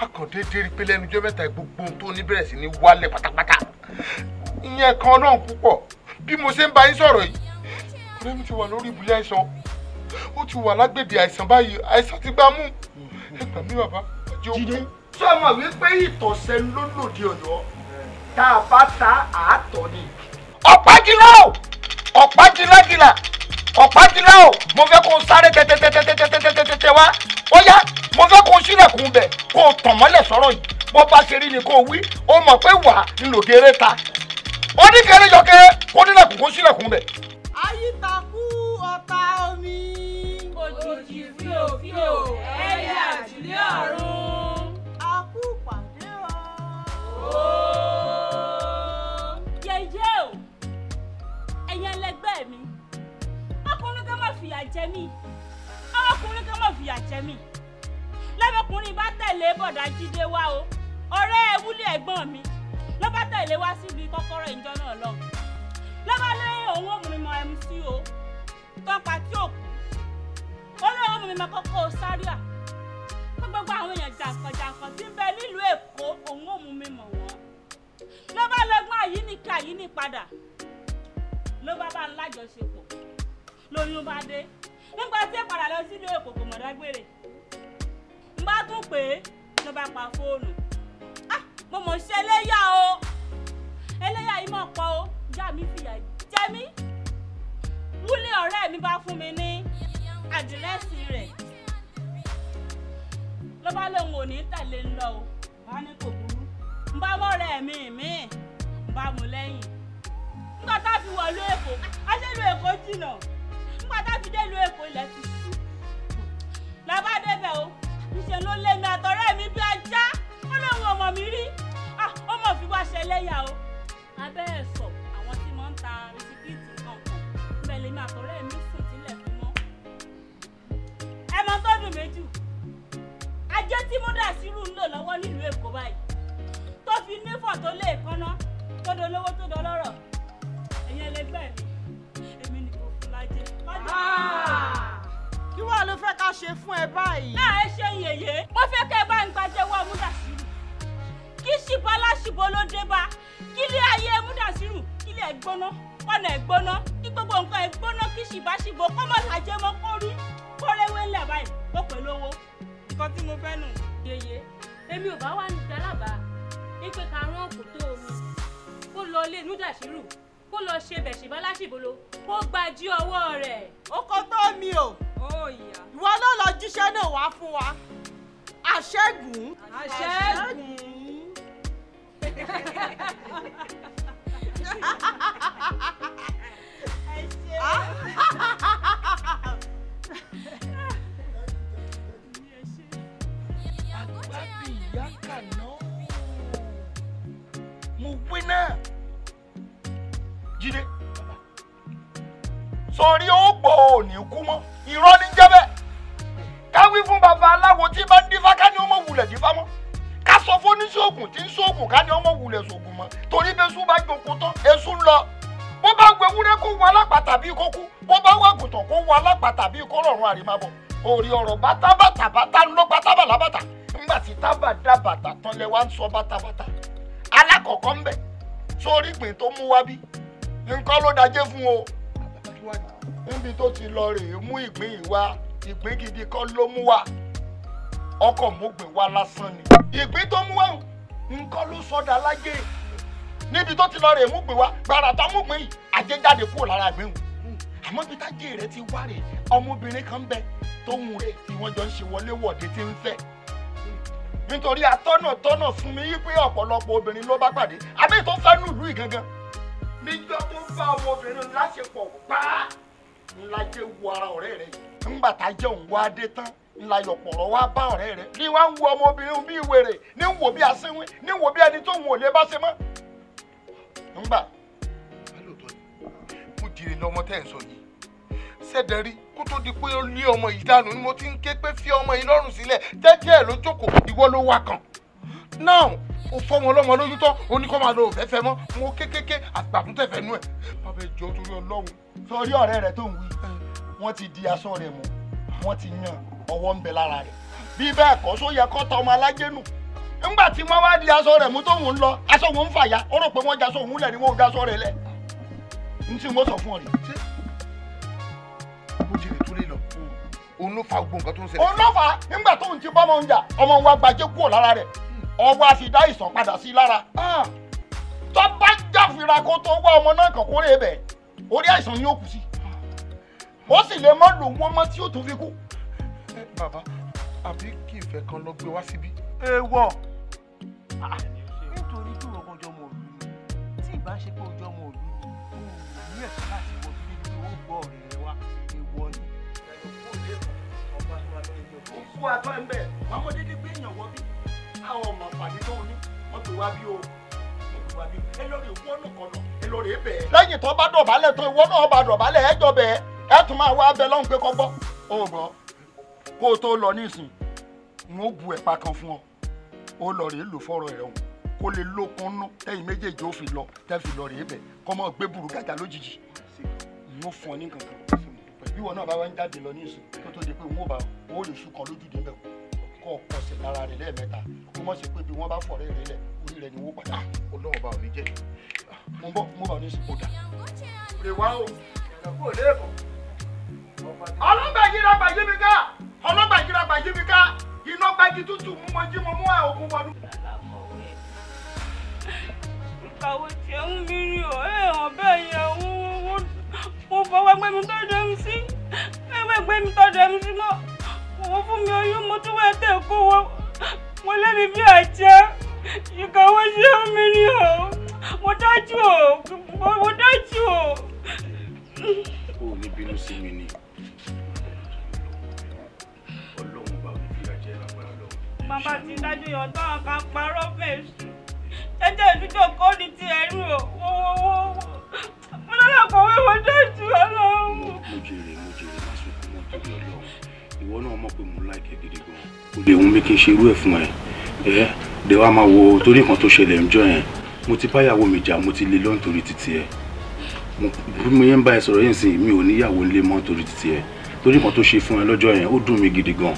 E: akọ̀dédé rí pé lẹ́nu ọjọ́ mẹ́ta gbogbo ohun tó ní bẹ̀rẹ̀ sí ní wálẹ̀ pátápátá ìyẹn kan náà púpọ̀ bí mo ṣe ń bá yín sọ̀rọ̀ yìí ọ̀rẹ́ mi ti wà lórí ibùlẹ̀ àìsàn ó ti wà lágbèdè àìsàn báyìí àìsàn ti gbá mú mm-hmm. ẹ gbà mí bàbá ọjọ́
A: òkú. sọ ma wípé ìtọ̀sẹ̀ ló ọ̀dọ́ tá a bá ta àátọ̀ ni. ọ̀pá jìnnà ọ̀pá jìnnà jìnnà ọ̀pá jìnnà o mo fẹ́ kó sáré tẹ́tẹ́tẹ́tẹ́tẹ́tẹ́tẹ́ wá ó yá mo fẹ́ kó sílẹ̀kùn bẹ̀ kó o tàn mọ́lẹ̀ sọ̀rọ̀ yìí bó bá ṣe rí ni kó o wí o mọ̀ pé wà ńlògèrè ta
E: ó ní kẹrẹ yọkẹrẹ kó nílẹ̀kùn kó sílẹ̀kùn bẹ̀.
B: ayítakú ọ̀tá omi òjijì fíòfíò ẹ̀yà àjílẹ̀ ọ̀run. a kú mi ọkùnrin kan má fìyà jẹ mí káwọ́kùnrin kan mọ̀ fìyà jẹ mí lẹ́mọkùnrin bá tẹ̀lé bọ̀dá jíde wá o ọ̀rẹ́ ewúlé ẹ̀gbọ́n mi ló bá tẹ̀lé wá síbi kọ́kọ́rọ́ ìjọ náà lọ lọ́ba lé òun òmùrìmọ̀ mc o tọ́pa tí ò kú ó lé òmùrìmọ̀ kọ́kọ́ sáríà fún gbogbo àwọn èèyàn jàǹkànjàǹkàn tí ń bẹ nílùú èkó òun òmùrìmọ̀ wọn lọ́ba lọ́gbọ́n àyíníkà yìí ní padà ló bá bá ń lájọṣepọ̀ lóyún bá dé nígbà tí ẹ padà lọ sílùú èkó kò mọ̀ dágbére n bá tún pè é ló bá pa fóònù ah, mo mọ̀ ṣe eléyà o eléyà yìí mọ̀ pọ̀ o ìyá mi fìyà jẹ mí wúlé ọ̀rẹ́ mi bá fún mi ní àdírẹ́sì rẹ̀ ló bá lóun ò ní tẹ̀lé ń e lọ o bá ní kò burú n bá mọ̀rẹ́ mi mi n bá mu lẹ́yìn nígbà tá a fi wọ̀lú èkó aṣèlú èkó jìnnà pátákì délùú èkó ilẹ̀ ti ṣú lábàdébẹ̀ o níṣẹ́ ló lé mi àtọ̀rẹ́ mi bí ajá ó lóun ọmọ mi rí ó mọ̀ fi wá ṣẹlẹ́yà o abẹ́ ẹ̀ sọ àwọn tí mo ń ta bisikíìtì kankan bẹ́ẹ̀ lèmi àtọ̀rẹ́ mi sùn sílẹ̀ fún mọ́ ẹ mọ tó dùn méjì ajé tí mo dà sírù ń lò lọ́wọ́ nílùú èkó báyìí tó fi nífọ̀ tó lè kánná tó dolówó tó dọlọ́rọ̀ ẹ̀yin ẹlẹgbẹ́ mi kí wàá ló fẹ́ ká ṣe fún ẹ báyìí. náà ẹ ṣe yèyé mo fẹ́ kẹ́ ẹ bá ń gbàjẹ́wọ́ Múdàsírù kí ṣìbọn láṣìbọn ló dé bá kí ilé ayé Múdàsírù kí ilé ẹ gbóná ọ̀nà ẹ gbóná kí gbogbo nǹkan ẹ gbóná kí ṣìbáṣìbọn kọ́mọ̀ làjẹ́ mọ́ kó rí kó réwé ńlẹ̀ báyìí ó pẹ̀lú owó nǹkan tí mo fẹ́ nù. yèyé èmi ò bá wà ní ìdálábàá ní pé ká rán òkú tó omi kó lọ ilé Múdàsírù kó lọ ṣe bẹ̀ṣẹ̀bá láṣìbolo kó gba jí ọwọ́ rẹ̀. oko tó mi o ìwọ ló lọ jíṣẹ́ náà wá fún wa àṣẹ́gun. àṣẹ́gun. ìyá kàná.
C: Mo wí
A: náà jíde sọrí ó gbọ́ ò ní kú mọ́ irọ́ ní jẹ́bẹ̀ ká wí fún baba aláwo tí bá ń dífá ká ní ọmọ wulẹ̀ dífá mọ́
C: ká sọ fún oníṣègùn tí ń ṣoògùn ká ní ọmọ wulẹ̀ ṣoògùn mọ́ torí bẹ́ẹ̀ sùn bá jókòó tán èṣù ń lọ bó bá ń gbẹwúrẹ́ kó wọ alápá tàbí kó kú bó bá wọ àgùntàn kó wọ alápá tàbí kó rọrùn àrèmábọ̀ òrì ọ̀rọ̀ bátábàtà bàtà ń lọ pátábà lábàtà ńgbà tí tábà
A: dá bàtà tán lẹ wá ń sọ bátábàtà alákọ̀ọ́kọ́ ń bẹ̀ sórí ìpín tó mú wá bí nǹkan ló dájé fún o níbi tó ti lọ rè rèé mú
E: ìgbín ìwá ìgbín gidi kan ló mú wá ọkọ mọ́gbìn wá lásán ni
A: ìgbín tó mú wá nǹkan ló sọdà lájé níbi tó ti lọ rè rèé mọ́gbìn wá gbàrà tá mọ́gbìn yìí àjẹjáde kúrò lára ìgbín wò àmọ́ bí tájé rẹ ti wá rèé
E: ọmọbìnrin kan bẹ tó ń rè tí wọ́n jọ ń ṣe wọlé wọ̀de tí ń fẹ́
A: nítorí atọ́nà tọ́nà fún mi yí pé ọ̀pọ̀lọpọ̀ obìnrin ló bá pàdé àbí tó fẹ́ nùlú gangan.
E: níjọ́ tó bá
A: ọmọbìnrin láṣepọ̀ pa ńlá jẹ́ wo ara ọ̀rẹ́ rẹ yìí
C: ńgbà tá jẹ́ òun wá dé tán ńlá yọ̀pọ̀rọ̀ wá bá ọ̀rẹ́ rẹ ní wá ń wo ọmọbìnrin bí
A: wèrè ní wò bí asínwín ní wò bí ẹni tó ń wò lé bá ṣe mọ́ ńgbà.
E: mo jìrì lọmọ tẹ́ ń sọ yìí sẹ́dẹ̀rí kó tó di pé ó lé ọmọ yìí dànù ni mo ti ń ké pé fi ọmọ yìí lọ́rùn sílẹ̀ jẹ́jẹ́ ẹ̀ ló jókòó ìwọ ló wá kàn náà o fọmọ ọlọmọ lójú tán o ní kó máa lo òfẹ́fẹ́ mọ́ mo kékeré àgbàkúntẹ̀fẹ́ nú ẹ̀
D: bàbá ìjọ torí ọlọ́run. sọrí ọ̀rẹ́ rẹ tó ń wí wọ́n ti di aṣọ rẹ̀ mọ́ wọ́n ti yan
A: ọwọ́ ń bẹ lára rẹ̀ bí bẹ́ẹ̀ kọ́ só yẹ kọ́ ta ọmọ alájẹ́nu ńgbà tí wọ́n wá di aṣọ rẹ̀ mú tó ń lọ aṣọ òun ń fàyà ó rò pé wọ́n jaṣọ òun lẹ̀ ni wọ́n daṣọ
E: ló fa gbogbo tó ń ṣẹlẹ̀. òun ló fa nígbà tóun ti bọ́ ọmọ oúnjà ọmọ wa gbajẹ́ kúrò lára rẹ̀ ọwọ́ á fi dá ìsàn padà sí lára ah! tó bá jáfira kó tó wá ọmọ náà kàn kórè bẹ̀ orí àìsàn ni ó kù sí ó sì lè mọ́ lòun ọmọ tí ó tún fi kú. bàbá àbí kí ìfẹ́ kan lọ gbé wá síbí. èèwọ̀ ah! nítorí tí òun ọjọ́ mọ̀ òbí tí ìbá ọjọ́ mọ̀ òbí
A: ní ẹ̀ka láti wọ bí ní gbọ́ ọ̀rẹ́ rẹ wá èèwọ̀ ni. òkú àtọ́ ẹ̀ ń bẹ̀ wọ́n mọ gbé èèyàn bí àwọn ọmọ àǹfààní tó ní wọ́n tó wá bí o ẹ lórí ìwọ nìkan náà ẹ lórí ibẹ̀. lẹ́yìn tó bá dọ̀bálẹ̀ tán ìwọ náà bá dọ̀bálẹ̀ ẹ jọ bẹ́ẹ̀ ẹ tún máa wá abẹ lọ́hùn pé kọ́ gbọ́. o gbọ́
E: kó o tó lọ nísìn n ó bu ẹ̀pà kan fún ọ o lọ rèé lò fọ́rọ̀ rẹ̀ hùn kó lè lókun nú tẹ́yìn méjèèjì ó fi lọ tẹ́ fi lọ rèé bẹ̀ kọ́ mọ́ gbé burú gàjà lójijì n ó fún ọ ní kankan bí wọn náà bá wá ń jáde lọ nísìn kó tó di pé n ó bá o lè kọ́ ọ̀pọ̀ sí lára rẹ̀ lẹ́ẹ̀mẹ́ta kó mọ̀ sí pé bí wọ́n bá fọ̀rẹ́ rẹ̀ lẹ̀ orí rẹ̀ ni wọ́n padà. ọlọ́run bá òní jẹ́ mo bọ̀ mo bọ̀ ní ìsìnkú dà. rè wá o ìyàgò lẹ́ẹ̀kọ́. ọlọ́gbàjìrà gbàjì mi ká ọlọ́gbàjìrà gbàjì mi ká iná gbàjì tútù mú mọ jí mọ mú
B: àògùn wọnú. ìkàwé tiẹ̀ ń mi ni ọ̀rẹ́ ọ̀ bẹ́ẹ̀ yẹn wọ́n fọwọ́ gbẹ́mi tọ́jú ẹ̀mí sí gbẹ́mi tọ́jú ẹ̀mí sí náà wọ́n fún mi oyún mo tún wá tẹ̀ kó wọ́n wọ́n lẹ́mi bí àjẹ́ ìkàwé ṣé omi ni o mo dájú o mo dájú o. o ní bínú sí mi ni ọlọ́run bá mi fi àjẹ́ lágbára lọ. màmá ti dájú yọ̀ táwọn kan parọ́ fèsì jẹ́jẹ́ ìdújọ́ kọ́ ni ti ẹ̀rù o mo lọ́la kọ̀wé mo dájú ọlọ́run. mo jèrè mo jèrè lásìkò mo jèrè ọlọ́run
E: ìwọ náà mọ̀ pé mo láìkẹ́ gidi gan o lè hun mi kí n ṣe irú ẹ̀ fún ẹ ẹ dẹ̀ wá máa wo torí nǹkan tó ṣẹlẹ̀ ń jọ yẹn mo ti báyàwó mi jà mo ti lé lọ́n torí títí ẹ bí mo yẹn ń bá ẹ sọ̀rọ̀ yẹn sìn mi ò níyàwó ńlé mọ́ torí títí ẹ torí nǹkan tó ṣe fún ẹ lọ́jọ́ yẹn ó dùn mí gidi gan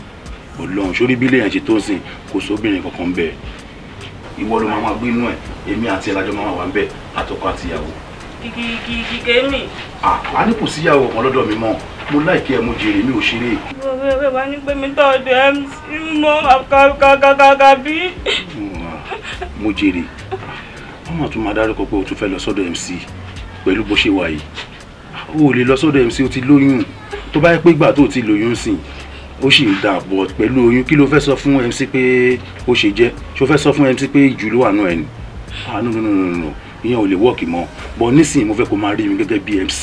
E: ọlọ́run sórí bílẹ̀ yẹn ṣe tó sìn kò sóbìnrin kankan bẹ́ẹ̀ ìwọ ló máa máa gbé inú ẹ mo láìkẹ́ ẹ mo jèrè mi ò ṣeré.
B: bẹ́ẹ̀ wá ní pé mi tọ́ ọdẹ mc mọ́ kàkàkàkà bí.
E: mo jèrè wọ́n mà tún máa dárúkọ pé o tún fẹ́ lọ sọ́dọ̀ mc pẹ̀lú bó ṣe wà yìí o ò lè lọ sọ́dọ̀ mc o ti lóyún tó bá yẹ pé ìgbà tó o ti lóyún sìn ó sì ń dàbọ̀ pẹ̀lú oyún kí ló fẹ́ sọ fún mc pé ó ṣe jẹ́ ṣó fẹ́ sọ fún mc pé ìjù ló wà náà ẹ̀ ni ah no no no no ìyẹn ò lè wọ́ọ̀kì mọ́ bọ́ nísìnyí mo fẹ́ kó máa rí mi gẹ́gẹ́ bí mc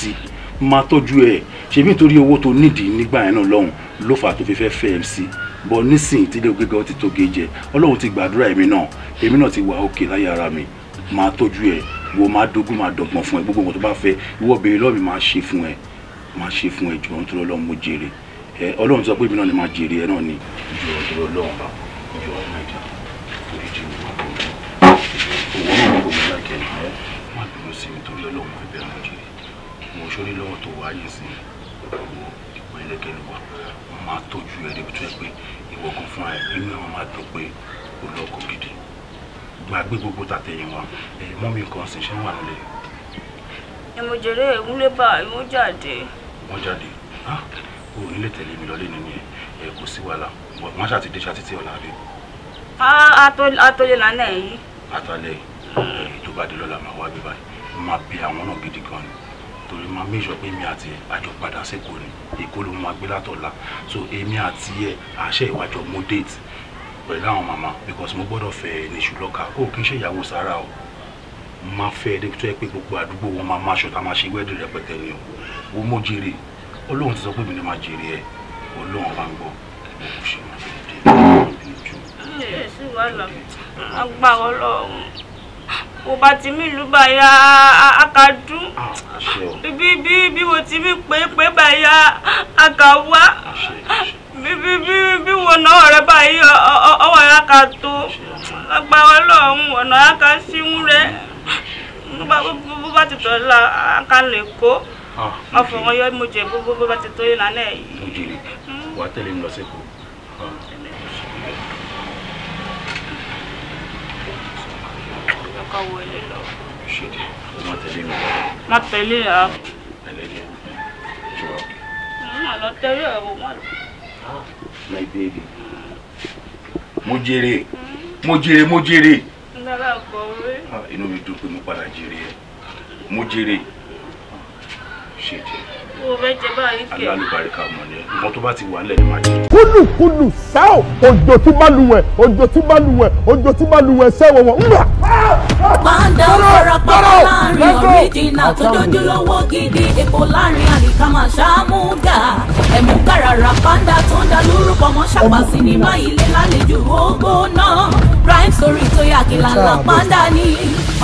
E: máa tọ́jú ẹ̀ ṣebí nítorí owó tó nídìí nígbà yẹn náà lọ́hùn ló fà tó fi fẹ́ fẹ́ MC bọ́ nísìnyí tí ilé gbẹ́gbẹ́ ti tó gejẹ ọlọ́run ti gbàdúrà èmi náà èmi náà ti wà òkè láyé ara mi máa tọ́jú ẹ̀ wo máa dógún máa dọ̀gbọ̀n fún ẹ gbogbo nǹkan tó bá fẹ́ ìwọ béèrè lọ́ọ̀mì máa ṣe fún ẹ máa ṣe fún ẹ jọ̀ọ́ nítorí ọlọ́run mo jèrè ẹ ọlọ́run sọ pé èmi náà ni máa jèrè ẹ náà ni jọ̀ọ́ nítorí ọlọ́run bá jọ̀ọ́ nàìjà torí jí mi máa bọ̀ owó náà kò mú láìkẹ́ ẹ mo sórí lọ́wọ́ tó wáyé sí ìwọ ìwọ ẹlẹ́gẹ́ ló wà wọ́n máa tọ́jú ẹ débi tó yẹ pé ìwọ kan fúnra ẹ inú ẹ wọ́n máa dùn pé o lọ́kọ gidi gbàgbé gbogbo tàtẹ̀yìn wa ẹ mọ́ mi nǹkan ọ̀sìn ṣé wà nílẹ̀.
B: ìmọ̀jẹ̀rẹ̀ ìwúlé bá ìwọ́n jáde.
E: wọ́n jáde o nílé tẹ̀lé mi lọ́lé nínú ẹ kò sí wàhálà wọ́n ṣàtidé ṣàtítì ọ̀la rẹ̀.
B: atọ́lé lánàá yìí.
E: atalẹ̀ ètò mm. bá dé lọ́la máa wá bí báyìí máa bẹ àwọn náà gidi gan ni torí máa mí ìṣọ́ pé èmi àti ẹ̀ àjọ padà sẹ́kọ̀ọ́ ni èkó ló máa gbé látọ̀la so èmi àti ẹ̀ àṣẹ ìwájọ mo date pẹ̀lú àwọn màmá because mo gbọ́dọ̀ fẹ́ níṣu lọ́ka ó kì í ṣe ìyàwó sára o máa fẹ́ ẹ débi tó yẹ pé gbogbo àdúgbò wọn máa máa ṣọta máa ṣe wẹ́ẹ̀dì rẹpẹtẹ ni o wo mo jèrè Ọlọ́run ti sọ pé mi ni máa jèrè ẹ Ọlọ́run bá ń gbọ́ ẹ kò
B: ṣe máa ṣe dé ẹ ẹ sì wà lọ agbára Ọlọ́run kò bá ti mí ìlú bàyà àkàdú ah, bí bí bí mo ti mí pé pé bàyà àkàwá ah, bí bí bí bí wọn náà ọ̀rẹ́ báyìí ọwọ́ àkàtó agbára ọlọ́run ọ̀nà àkàṣíhún rẹ bó bá ti tọ́ la àkàlẹ̀ kó ah, ọ̀fọ̀ wọn yọ mo jẹ bó bá ti tó yìí lálẹ́ yìí.
E: wàá tẹ̀lé mi lọ sí kù.
B: ká wọlé lọ. ṣèdí má tẹ̀lé mi. má tẹ̀lé à. tẹ̀lé ni ṣe wà òkè. má lọ tẹ̀lé ẹ̀ wò má lọ.
E: Ah, my baby mo jèrè mo jèrè mo jèrè.
B: lára ọkọ̀ rẹ.
E: inú mi dùn pé mo padà jèrè ẹ mo jèrè
B: ṣèdí alálùbáríkà
E: ọmọ ni nǹkan tó bá ti wà nílẹ̀ ni máa jẹ. kúlùkúlù sáò òjò tí bá luwẹ̀ òjò
B: pàǹdà farapamọ́ láàrin ọ̀ríjìnà tó jọjú lówó gidi epo láàrin àlìkámà ṣáàmúgà ẹ̀mú kárara pàǹdà tó ń da lórúkọ mọ́ ṣàpà sinimá ilé lálejò ògbóná prime story tó yà kí lànà pàǹdà ni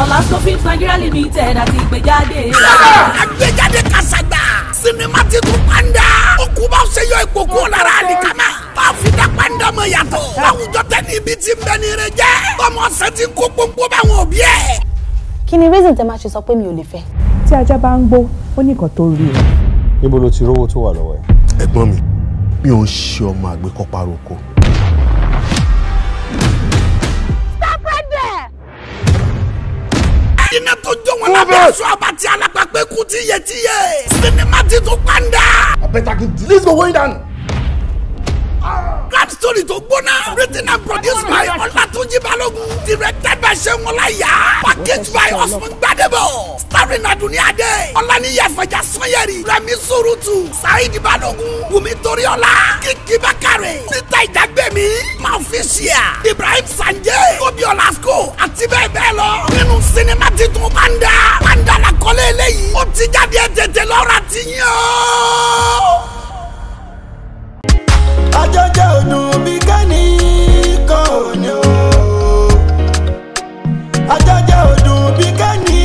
B: ọ̀làsọ films nigeria limited àti ìgbéjáde.
C: àgbéjáde kàṣàgbà sinimá ti tún pàǹdà ó kú bá ṣe yọ ipò kúrò lára àlìkámà fida pandamọ yàtọ̀. àwùjọ tẹ ibi tí n bẹ ní ire jẹ́. tọmọ sẹ́tì kó pọ́npọ́ bá òbí ẹ̀
B: kí ni reason tẹ máa ṣe sọ pé mi ò lè fẹ́. tí ajá bá ń gbó ó ní nǹkan tó rí o.
E: níbo ló ti rówó tó wà lọ́wọ́ ẹ̀. ẹ̀gbọ́n mi mi ò ń ṣe ọmọ àgbẹ̀ kọ́ paroko.
C: iná tó jó wọn lábẹ́ aṣọ àbàtì alápàpẹ́ kú tíyẹtíyẹ sinimá ti tún pàǹdà. I better give this go way down love story tó gbóná. written and produced by ọlátúnjí balógun. directed by seun ọláyà. packaged by osman gbadebo. starring adúní adé. ọláníyà fẹjà sanyẹri. rẹmi surutu. saheed balógun. wumi toriola. kiki bakare. níta ìdágbẹ́mi. maofisia. ibrahim Sanje, kobi Olasco, àti bẹ́ẹ̀ bẹ́ẹ̀ lọ. nínú sinimá titun panda. panda la kọ́lé eléyìí. ó ti jáde tètè lọ́ra ti
A: àjọjẹ ọdún bí kẹ́ni kan ò ní o àjọjẹ ọdún bí kẹ́ni.